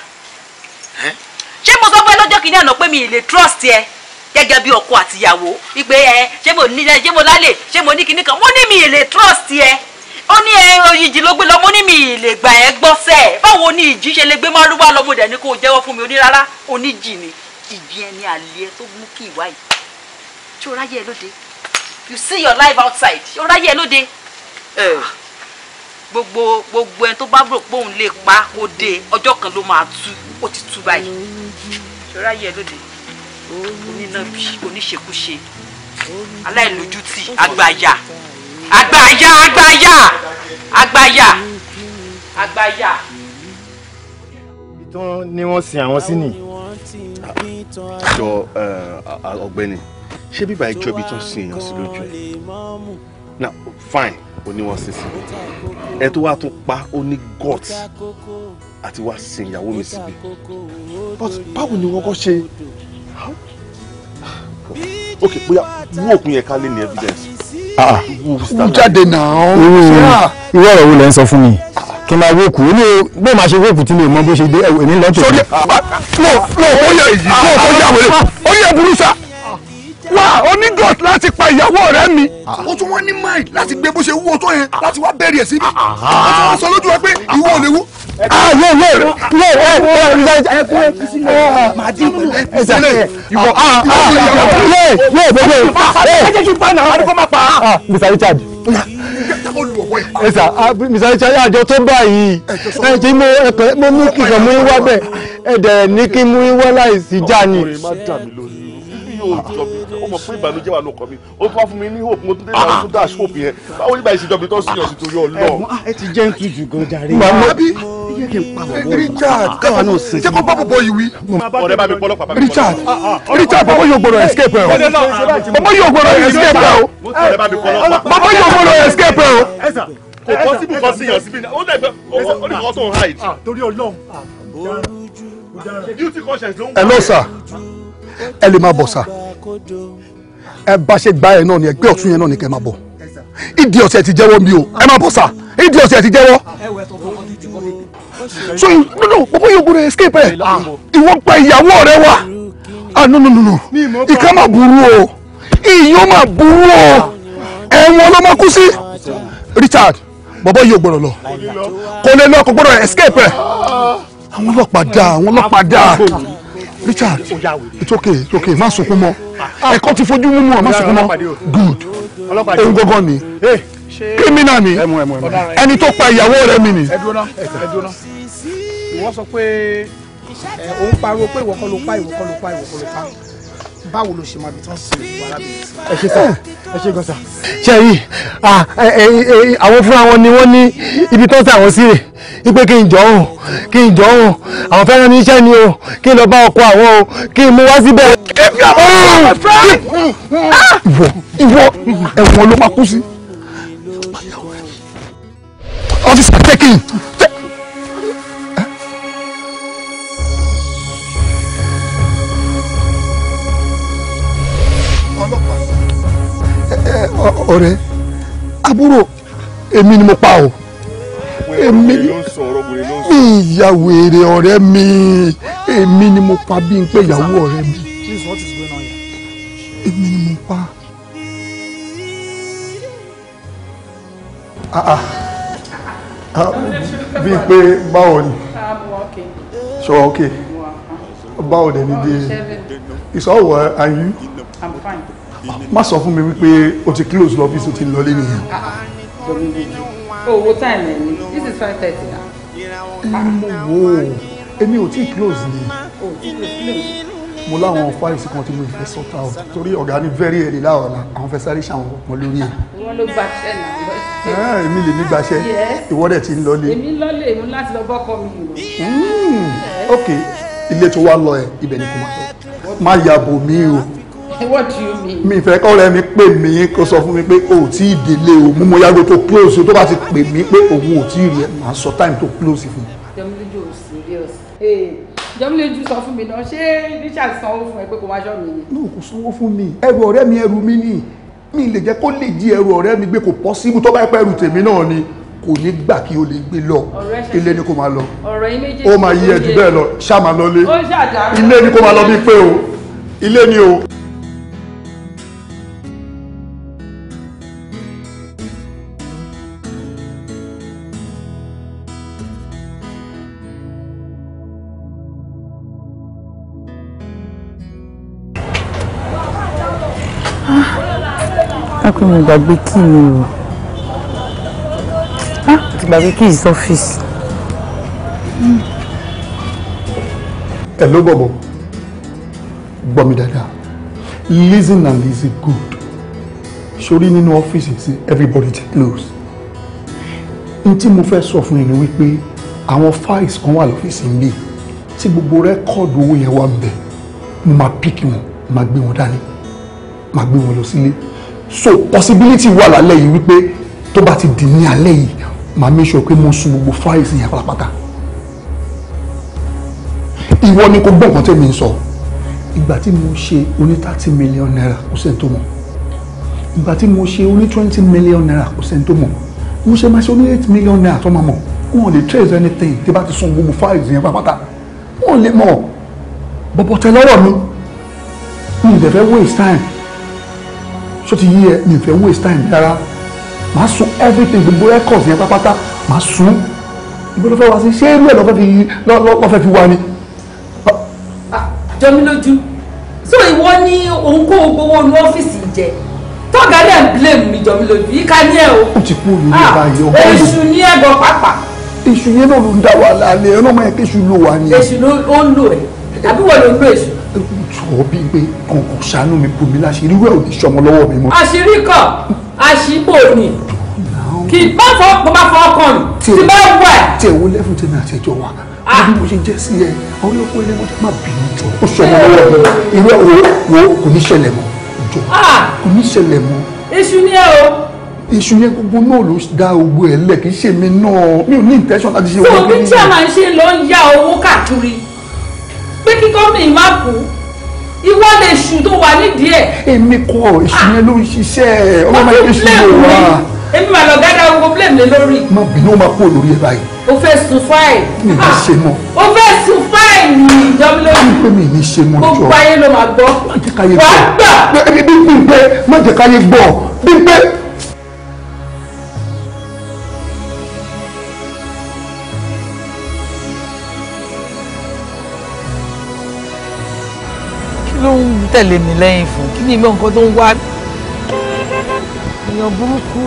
ṣé mo sọ pé lọ́jọ́ kìíní àná pé mi ì lè trust ẹ gẹ́gẹ́ bí ọkọ àtìyàwó wípé ẹ ṣé mo ní ṣé mo lálẹ́ ṣé mo ní kinní kan mo ní mi ì lè trust ẹ ó ní ẹ oyìjì ló gbé lọ mo ní mi ì lè gbà ẹ gbọ́ sẹ́ ẹ báwo ni ìjì ṣe lè gbé márúwá lọ mo dẹ̀ ní kó o jẹ́wọ́ fún mi onírárá oníjì ni ìjì ẹni àlè ẹ tó mú kí ìwà yìí tí o ráyè lóde you see your life outside ọ̀rọ̀ ayé ẹ lóde gbogbo gbogbo ẹni tó bá rò pé òun lè pa ó dé ọjọ́ kan ló máa tú ó ti tú báyìí ṣọ́ra yẹ lóde onínábì oníṣekúṣe aláìlójútì àgbàyà àgbàyà àgbàyà àgbàyà àgbàyà. ìtàn ni wọ́n sin àwọn sí ni. àjọ ọ̀gbẹ́ni. Uh, ṣé bíbá ìjọ ibi tán sin èèyàn sí lójú ẹ na fine ó ní wọ́n sin sí ẹ tó wá tún pa ó ní guts àti wá sin ìyàwó mi síbi but báwo ni wọ́n kọ́ ṣe ok bóyá wú òkun yẹn ká lè ní evidence. Ah, wú jáde náà. irú ọ̀rọ̀ wo lẹ ń sọ fún mi kí n máa wókù ó ní bó máa ṣe wókù tí mi ò mọ bó ṣe dé èmi lọ́tò. sọ́dẹ̀ ah, ah. no no ó yẹ èyí ó yẹ àwẹ̀rẹ̀ ó yẹ burúkú sáà wá o God. gọt láti pa ìyàwó rẹ mi. o tún wọn ní mind láti gbé bó ṣe wúwo tó yẹn láti wá bẹ̀rẹ̀ síbi. o tún wọn sọ lójú ẹ pé ìwọ ò lè wú. ààyè lè lè ẹ ẹ ẹ kú ẹ kú sílẹ̀ ẹ máa dín kù ẹ kú sílẹ̀ ìwọ lè lè bèbè ẹ ẹ jẹ́ kí n pa náà adúgbò máa pa. Mr Richard ẹ sà Mr Richard àjọ tó báyìí ẹ ti mú ẹ pẹ mo mú kí n mú yín wá bẹ ẹ dẹ̀ ní kí n mú yín wá láì sí já ni. ọkùnrin má dà mí lórí yóò jọ mi mọ̀ pé ìbànújẹ́ wà lọ́kàn mi ó tún wá fún mi ní hope mo tún dé ìlànà tún dash hope yẹn báwo nígbà ìṣèjọba tó sì yàn sí torí ọlọ. Ah, ẹ ti jẹ́ ń tutù gan jàre. màmá bí Richard káwa náà sìn. ṣé kó bá bọ̀bọ̀ yìí wí. ọ̀rẹ́ bá mi pọ́ lọ́pàá bá mi pọ́ Richard ah, ah, Richard bọ́bọ́ yóò gbọ́dọ̀ escape ẹ̀ o bọ́bọ́ yóò gbọ́dọ̀ escape ẹ̀ o bọ́bọ́ yóò gbọ́dọ̀ escape ẹ̀ o. kò pọ́ síbi kan sí yàn síbi ó lè fẹ́ ó lè kọ́ tó ń hide. torí Ọlọ́run beauty conscience ló ń wọ. ẹ lọ sà ẹ lè má bọ̀ sà ẹ bá ṣe gba ẹ náà ni ẹgbẹ́ ọ̀tún yẹn náà ni kẹ́ máa bọ̀ ìdí ọ̀sẹ̀ ti jẹ́wọ́ mi o ẹ máa bọ̀ sà ìdí ọ̀sẹ̀ ti jẹ́wọ́. so no bọ́bọ́ yóò gbọ́dọ̀ escape ẹ̀ ah. ìwọ pa ìyàwó rẹ wá ah no no no ìka máa burú o ìyó máa burú o ẹ̀wọ̀n ló máa kú sí Richard bọ́bọ́ yóò gbọ́dọ̀ lọ kò lè lọ kò gbọ́dọ̀ escape ẹ̀ àwọn ọlọ́pàá dáa àwọn ọlọ́pàá dáa. Richard it's okay it's okay má sunkún mọ́ ah. ẹ̀kọ́ ti fojú mú mu ọ má sunkún mọ́ good ohun gangan ni kírímínà eh. ni ẹni tó pa ìyàwó rẹ̀ mi ni. ìwọ sọ pé òun pariwo pé ìwọ kọ́ ló pa ìwọ kọ́ ló pa ìwọ kọ́ ló pa báwo ló ṣe máa bí tán sí ìwà arábìnrin. ẹ ṣe sá ẹ ṣe gọ́sà. ṣẹ́yìn àwọn fúnra wọn ni wọ́n ní ibi tán sí àwọn síre ipe kí n jọ òun kí n jọ òun àwọn fẹ́ràn ní ni o kí n lọ bá ọkọ àwọn o kí n mú wá síbẹ̀. ìwọ ìwọ ẹ̀wọ̀n ló máa kú sí. ọ́fíìsì taking. ọ̀rẹ́ àbúrò èmi ni mo pa o èmi mi ìyá wèrè ọ̀rẹ́ mi èmi ni mo pa bí n pé ìyàwó ọ̀rẹ́ mi èmi ni mo pa. Ah, ah. Ah, bí pé báwo ni sọ ok báwo dẹ̀ ni dé it's all well and you. I'm fine má sọ fún mi wípé o ti close lọ́fíìsì o ti lọlé nìyẹn. owó oh, time ẹ̀ ni this is five thirty na. mo wo èmi ò tí close ni oh, mo láwọn fáìsì kan tí mo fẹ́ sort out torí ọ̀gá ní very early láwọn àwọn fẹ́ sáré ṣàwọn ọmọ lórí ẹ̀. wọ́n ló gbaṣẹ́ náà. èmi lè ní gbaṣẹ́ ìwọ́dẹ̀ ti ń lọlé. èmi lọlé mú láti lọ bọ́kọ mi. Hmm, ok ilé tó wá lọ ẹ ibẹ̀ ni kò máa lọ má yàbò mí o what do you mean. mi ìfẹ́ kọ́ ọ̀rẹ́ mi pè mí kó sọ fún mi pé o ò tí ì délé o mú mo yàgò tó close o tó bá ti pè mí pé òun ò tí ì rí ẹ màá sọ time tó close fún mi. jọmílẹ́jọ́ ò serious. jọmílẹ́jọ́ sọ fún mi náà ṣé richard sanwó fún ẹ pé kò wá ṣọ́ mi ni. no kò sanwó fún mi ẹrù ọ̀rẹ́ mi ẹrù mi ni mi lè jẹ́ kó lè jí ẹrù ọ̀rẹ́ mi gbé kò possible tó bá pẹ́ ẹrù tèmi náà ni kò ní gbà kí o lè gbé lọ ilé ni kò máa lọ ó máa yí ẹjú bẹ́ẹ̀ lọ ṣáà máa lọ ilé ilé ni kò máa lọ bí pé o ilé ni o. á pé mo gbàgbé kí mi o á ti gbàgbé kí ìsọ ọ́fíìsì. ẹ ló bọ̀ bọ̀ gbọ́ mi dáadáa listen and listen good sórí nínú ọ́fíìsì sí everybody take close n tí mo fẹ́ sọ fún yín ni wípé àwọn files kan wà lọ́fíìsì ń bì tí gbogbo rẹ́kọ̀dù owó yẹn wà ń bẹ̀ mo máa píkì wọn máa gbé wọn dání máa gbé wọn lọ sílé. Si so possibility wà lálẹ́ yìí wípé tó bá ti dì ní alẹ́ yìí màá make sure pé mo sun gbogbo fáìsì yẹn pátápátá ìwọ ni kò gbọ́ nǹkan tẹ̀mí ń sọ ìgbà tí mo ṣe oní thirty million naira kò sẹ́ni tó mọ̀ ìgbà tí mo ṣe oní twenty million naira kò sẹ́ni tó mọ̀ mo ṣe máa ṣe oní eight million naira tó máa mọ̀ wọn lè trace anything tí bá ti sun gbogbo fáìsì yẹn pátápátá wọn ò lè mọ̀ bọ̀bọ̀ tẹ lọ́rọ̀ mi mi ò dẹ̀ waste time So ti yí ẹ mi fẹ́ waste time rárá màá sun everything gbogbo records yẹn pátápátá màá sun ibi ló fẹ́ wá sí ṣé irú ẹ̀ lọ́fẹ́ fi lọ́fẹ́ fi wá ni. Ah, ah, jọmí lójú so ìwọ ní òun kó gbowó ní ọ́fíìsì jẹ tọ́gà dẹ̀ ń blame mi jọmí lójú yíká ní ẹ o. ó ti kú òní ní báyìí ọgbọ́n mi. èṣù ní ẹ̀gbọ́n pàpà. èṣù yẹn náà ló ń dá wàhálà ni ẹ ọlọ́mọ yẹn kéṣù ló wà ni. èṣù ló ń lò ẹ àbí wọ́n ló ń lo èṣù jọ̀ọ́ bí gbé kọ̀ọ̀kan ṣàánú mi bù mí láṣìírí wẹ̀ ò ní ṣọmọ lọ́wọ́ mi mọ́. àṣírí kọ àṣìbò ni kì í bá fọ mo bá fọ ọkàn mi ti bá wẹ̀. tiẹ̀ wo lẹ́fún tèmi àtẹ̀jọ́ wa ah. bí mo ṣe jẹ́ sí ẹ ọ̀rẹ́ ọkọ ilé wọn ti má bínú jọ ó ṣọmọ eh. lọ́wọ́ mi ìwé wo wo kò ní ṣẹlẹ̀ mọ́ jọ ah. kò ní ṣẹlẹ̀ mọ́. iṣu ni ẹ o iṣu yẹn gbogbo náà ló dá ogbó ẹ lẹ kì í ṣe mi náà mi ò ní intention láti ṣe wọn. fún mi tí a máa ń ṣe lọ ń ya owó káàkiri pé kí gómìnà má kú ìwọ lè ṣù tó wà nídìí ẹ̀. èmi kọ èṣù yẹn ló ń ṣiṣẹ́ ọlọ́mọ èṣù yóò wá. èmi màá lọ gádà blame lé lórí. má bínú máa kó olórí ẹ báyìí. o fẹ́ sùn fáì. mi ní ṣe mọ́. o fẹ́ sùn fáì ní ìjọmílódì. mi pé mi ní ṣe mọ́ jọ. gbogbo ayé ló máa gbọ́. má jẹ́ káyé gbọ́. wàá gbà. bí bí bí pé má jẹ́ káyé gbọ́ bí pé tẹ̀lé mi lẹ́yìn fún kí ni ìmọ̀ nǹkan tó ń wá èèyàn burúkú.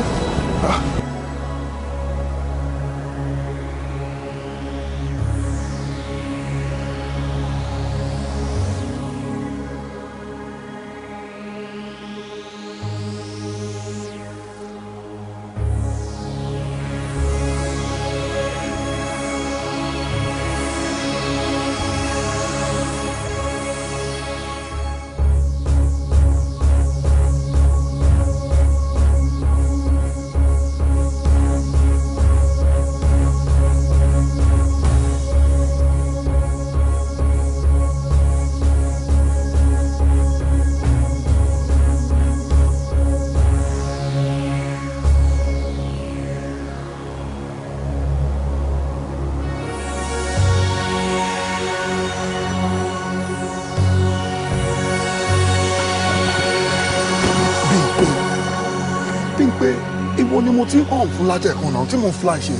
fún látẹ̀kùn náà tí mò ń fly ṣe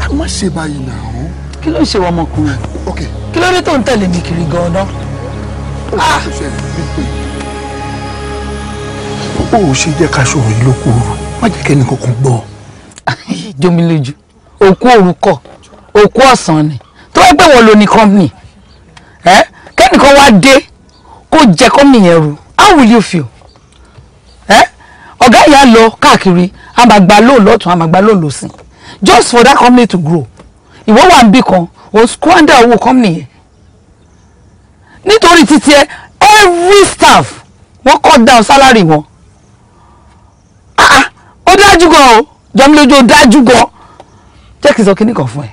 ẹ má ṣe báyìí náà. kí ló ń ṣe ọmọkùnrin. ok kí ló dé tó ń tẹ̀lé mi kiri gan-an. ó ah! ṣe ṣe bí pé ó ṣe jẹ́ ká sọ̀rọ̀ yìí ló kú ooru má jẹ́ kẹ́ni kankan gbọ́. jomi lójú òkú orúkọ òkú ọ̀sán ni tó wá pé wọn lo ní company kẹ́nìkan wá dé kó jẹ company yẹn ru how will you feel ọ̀gá ìyá lọ káàkiri a máa gba lóò lọ́tún a máa gba lóò lọ́sìn just for that company to grow ìwọ wà níbì kan òun squander owó company yẹn nítorí títí ẹ every staff wọ́n cut down salary wọn ah, ah, ó dájú gan o jọmílójú ó dájú gan jẹ́ kí n sọ kíní kan fún ẹ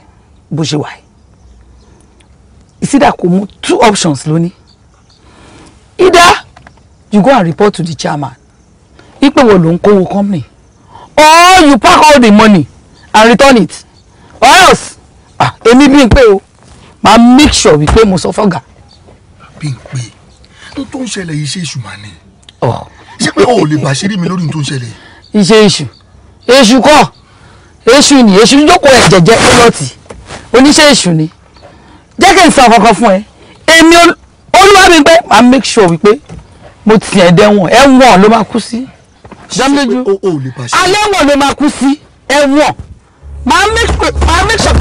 bó ṣe wà ìsídà kò mú two options lónìí either you go and report to the chairman ipe wo ló ń kówó company or you pack all the money and return it or else ah èmi bí n pé o máa make sure wípé mo sọ fọ́gà. bí n pé n tó ń ṣẹlẹ̀ yìí ṣe èṣù mà ni oh. ṣé pé o ò lè bàṣírí mi lórí n tó ń ṣẹlẹ̀. iṣẹ́ èṣù èṣù kọ́ èṣù ni èṣù jókòó ẹ̀ jẹ́jẹ́ ọlọ́tì oníṣẹ́ èṣù ni jẹ́ kí n sọ kankan fún ẹ èmi olúwa mi pé máa make sure wípé mo tiẹ̀ dẹ́wọ̀n ẹ̀wọ̀n ló máa kú sí. Si dámilójú alẹ́ wọn ló máa kú sí ẹ̀wọ̀n máa make sure.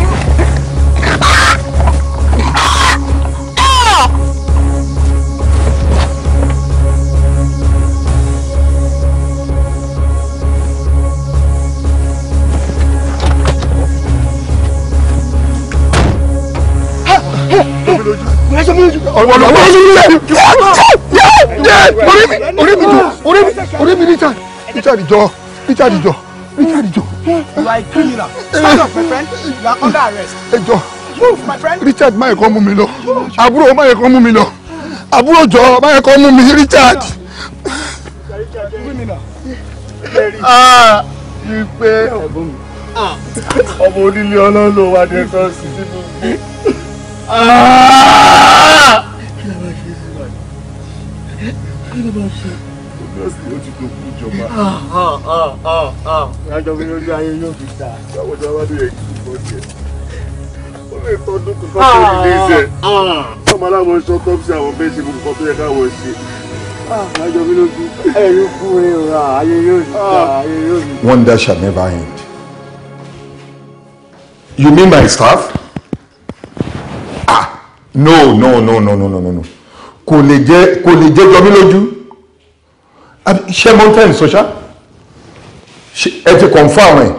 orí mi orí mi orí mi níta Richard jọ Richard jọ Richard jọ. You are a criminal. Stand up my friend. You are under arrest. Ẹ jọ. Move my friend. Richard my yẹ kó mú mi lọ. Àbúrò má yẹ kó mú mi lọ. Àbúrò Richard. Ah, you pay, onílé ọlọ́lọ́ wa the ẹ̀kọ́ sí nínú mi. Ah! Kí ló máa ṣe sí wa? Kí ló máa ṣe? Ojú ọ̀sìn ló ìjọba. Ah, ah, ah, ìyájọ́ mi lójú ayé yóò fi dà. báwo ni wọ́n lè kí ìbọn jẹ? ó lè tọ́jú kankan tó ní ní ìjẹ. ọmọ aláwọ̀ ń sọ tọ́pùsì àwọn bẹ́ẹ̀ ṣe gbogbo kan tó yẹ ṣe. ìyájọ́ mi lójú. ẹ̀rí kú rẹ̀ ra ayé yóò fi dà ayé yóò fi. Wonder shall never end. You mean my staff? Ah, no, no, no, no, no, no, no. Kò lè jẹ́ kò lè jẹ́ jọmí ṣé mo ń tẹ̀ ń sọ ṣá ẹ ti confam ẹ̀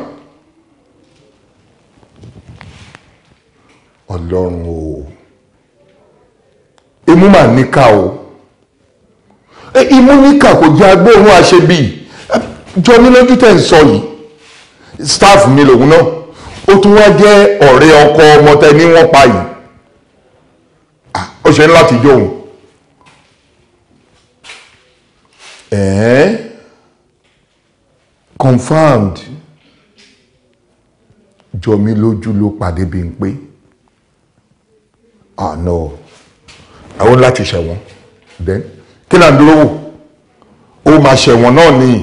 ọlọ́run o imú mà níkà o imú níkà kò jẹ́ agbóhùn àṣebí jọ mí lójú tẹ̀ ń sọ yìí staff mi lòun náà ó tún wá jẹ́ ọ̀rẹ́ ọkọ ọmọ tẹ ní wọ́n pa yìí ó ṣe ń láti jó Eh, confirmed jọmí lójú ló pàdé Bímpé ah no àwọn láti ṣẹ̀wọ̀n then kí là ń dúró wò ó máa ṣẹ̀wọ̀n náà nìyí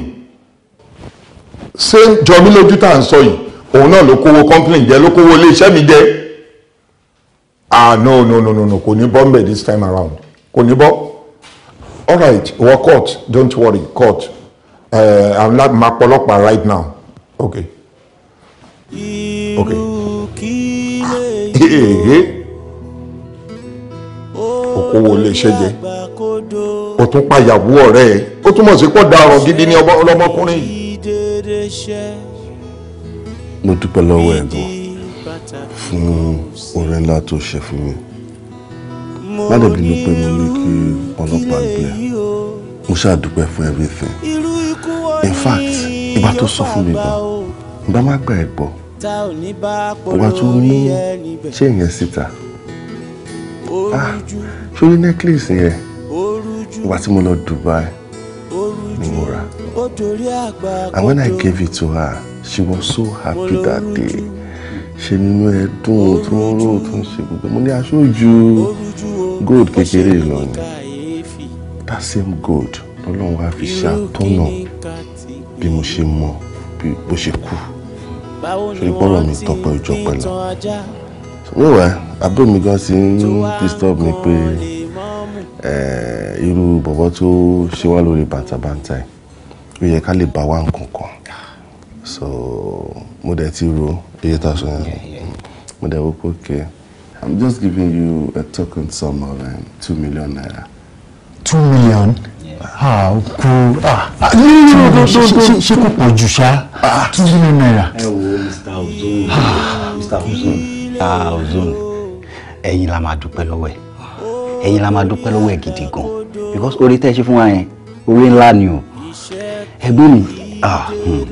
ṣé jọmí lójú tá à ń sọ yìí òun náà ló kówó company jẹ ló kówó iléeṣẹ́ mi jẹ ah no no no no no kò ní bọ́ mbẹ̀ this time around kò ní bọ́ all right ìwọ court don't worry court eh, i'm not ma pọlọpàá right now okay okay okòwò lè ṣẹjẹ o tún payàwó ọ̀rẹ́ ẹ̀ ó túmọ̀ sí pọ̀ dáràn gidi ní ọlọ́mọkùnrin yìí. mo dúpẹ́ lọ́wọ́ ẹ̀ gan fún oore ńlá tó ṣe fún mi má dẹ̀ bínú pé mo ní kí ọlọ́pàá gbẹ mo ṣàdúpẹ́ fún everything in fact ìgbà tó sọ fún mi gan ìgbà má gbà ẹ̀ gbọ́ ìgbà tó mú ṣé yẹn síta ah ṣórí necklace yẹn ìgbà tí mo lọ Dubai ni mo rà and when I gave it to her she was so happy that day ṣe nínú ẹ dùn tó ń rò tó ń ṣe gbogbo mo ní aṣojú gold kekere lọ ni that same gold ọlọ́run wá fi ṣe àtọ́nà bí mo ṣe mọ bí mo ṣe kú ṣe bọ́lọ̀ mi tọpẹ́ ìjọ pẹ̀lú wíwẹ́ àbúrò mi gan ti ń disturb mi pé eh, irú bọ̀bọ̀ tó ṣe wá lórí bàtàbàtà ẹ̀ ó yẹ ká lè bá wa nǹkan kan so mo dẹ̀ ti ro iye tá a sọ yẹn mo dẹ̀ wọ́pọ̀ kẹ́ẹ́. I'm just giving you a token sum of um, two million naira. Two million? How cool! ah. No, no, no, no, no. Ṣé kò pọ̀ jù ṣá? Ah, two million naira. Ẹ wo Mr. Ozone. Mr. Ozone. Ah, Ozone. Ẹ̀yin la my dúpẹ́ lọ́wọ́ ẹ̀. Ẹ̀yin la máa dúpẹ́ lọ́wọ́ ẹ̀ gidi gan. Because orí tẹ́ ṣe fún wa yẹn, orí ńlá ni o. Ẹ̀gbọ́n mi, ah, hmm.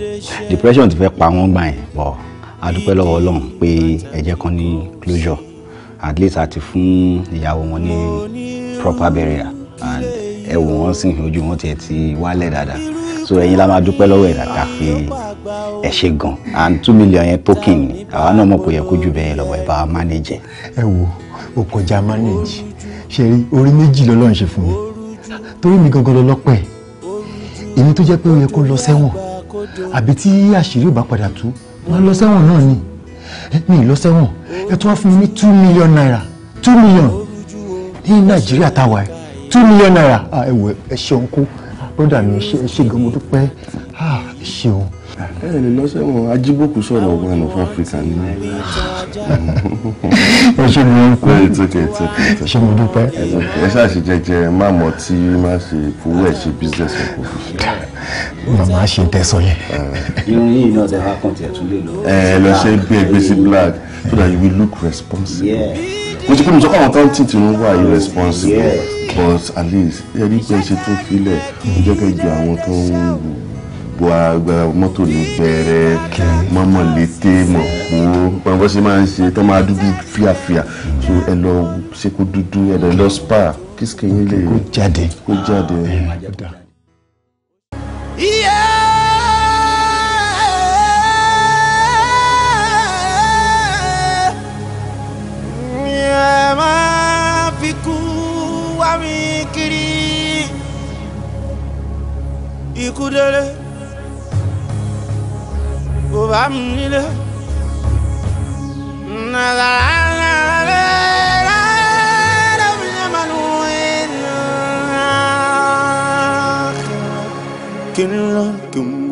depression ti fẹ́ pa wọ́n gbà yẹn. But a dúpẹ́ lọ́wọ́ Ọlọ́run pé ẹ̀jẹ̀ kan ní closure at least a ti fún ìyàwó wọn ní proper burial and ẹ wò wọ́n sìn ojú wọn tiẹ̀ ti wálẹ̀ dáadáa so ẹ̀yin la máa dúpẹ́ lọ́wọ́ ẹ̀ dáadáa pé ẹ ṣe gan and two million yẹn token ni àwa náà mọ̀ pé yẹ kó jù bẹ́ẹ̀ lọ́wọ́ ẹ bá wa manage. ẹ wo o kọjá manage ṣe rí orí méjì lọ́lọ́run ṣe fún mi torí mi gangan lọ́lọ́pẹ́ èmi tó jẹ́ pé ó yẹ kó lọ sẹ́wọ̀n àbí tí àṣírí ò bá padà tú wọ́n lọ sẹ́wọ̀n náà ni mi ì lọ sẹ́wọ̀n ẹ tún wá fún mi ní two million naira two million ní nàìjíríà táwa ẹ two million naira ah, ẹ wò ẹ ah, ṣe òǹkó broda mi ẹ ṣe gan mo dúpẹ́ ah, ẹ ṣeun ẹ lè lọ sẹ́wọ̀n ajíbòkú sọ̀rọ̀ one of Africa ni. ẹ ṣe mi ń pẹ́ ṣe mo dúpẹ́. ẹ ṣáà ṣe jẹ́jẹ́ má mọ tí má ṣe fowó ẹ̀ ṣe business ẹ̀ kò fi ṣe. màmá ṣe yẹn. irun yìí náà tẹ wá tiẹ̀ tún lè lọ. ẹ lọ ṣe bí ẹgbẹ́ sí black so that you will look responsible. mo ti pé mo sọ àwọn kan tìtì ń wà irresponsible but at least ẹ rí pé ṣe tó filẹ̀ ó jẹ́ ju àwọn tó ń wù gbogbo agbára mọ́tò ní bẹ̀rẹ̀ mọ́mọ́ létè mọ̀ kó máa ń ṣe tó máa dúdú fíàfíà so ẹ lọ ṣe kó dúdú ẹ lọ spa kí skin yín lè kó jáde kó jáde. ikú délé. وبعمله كلكم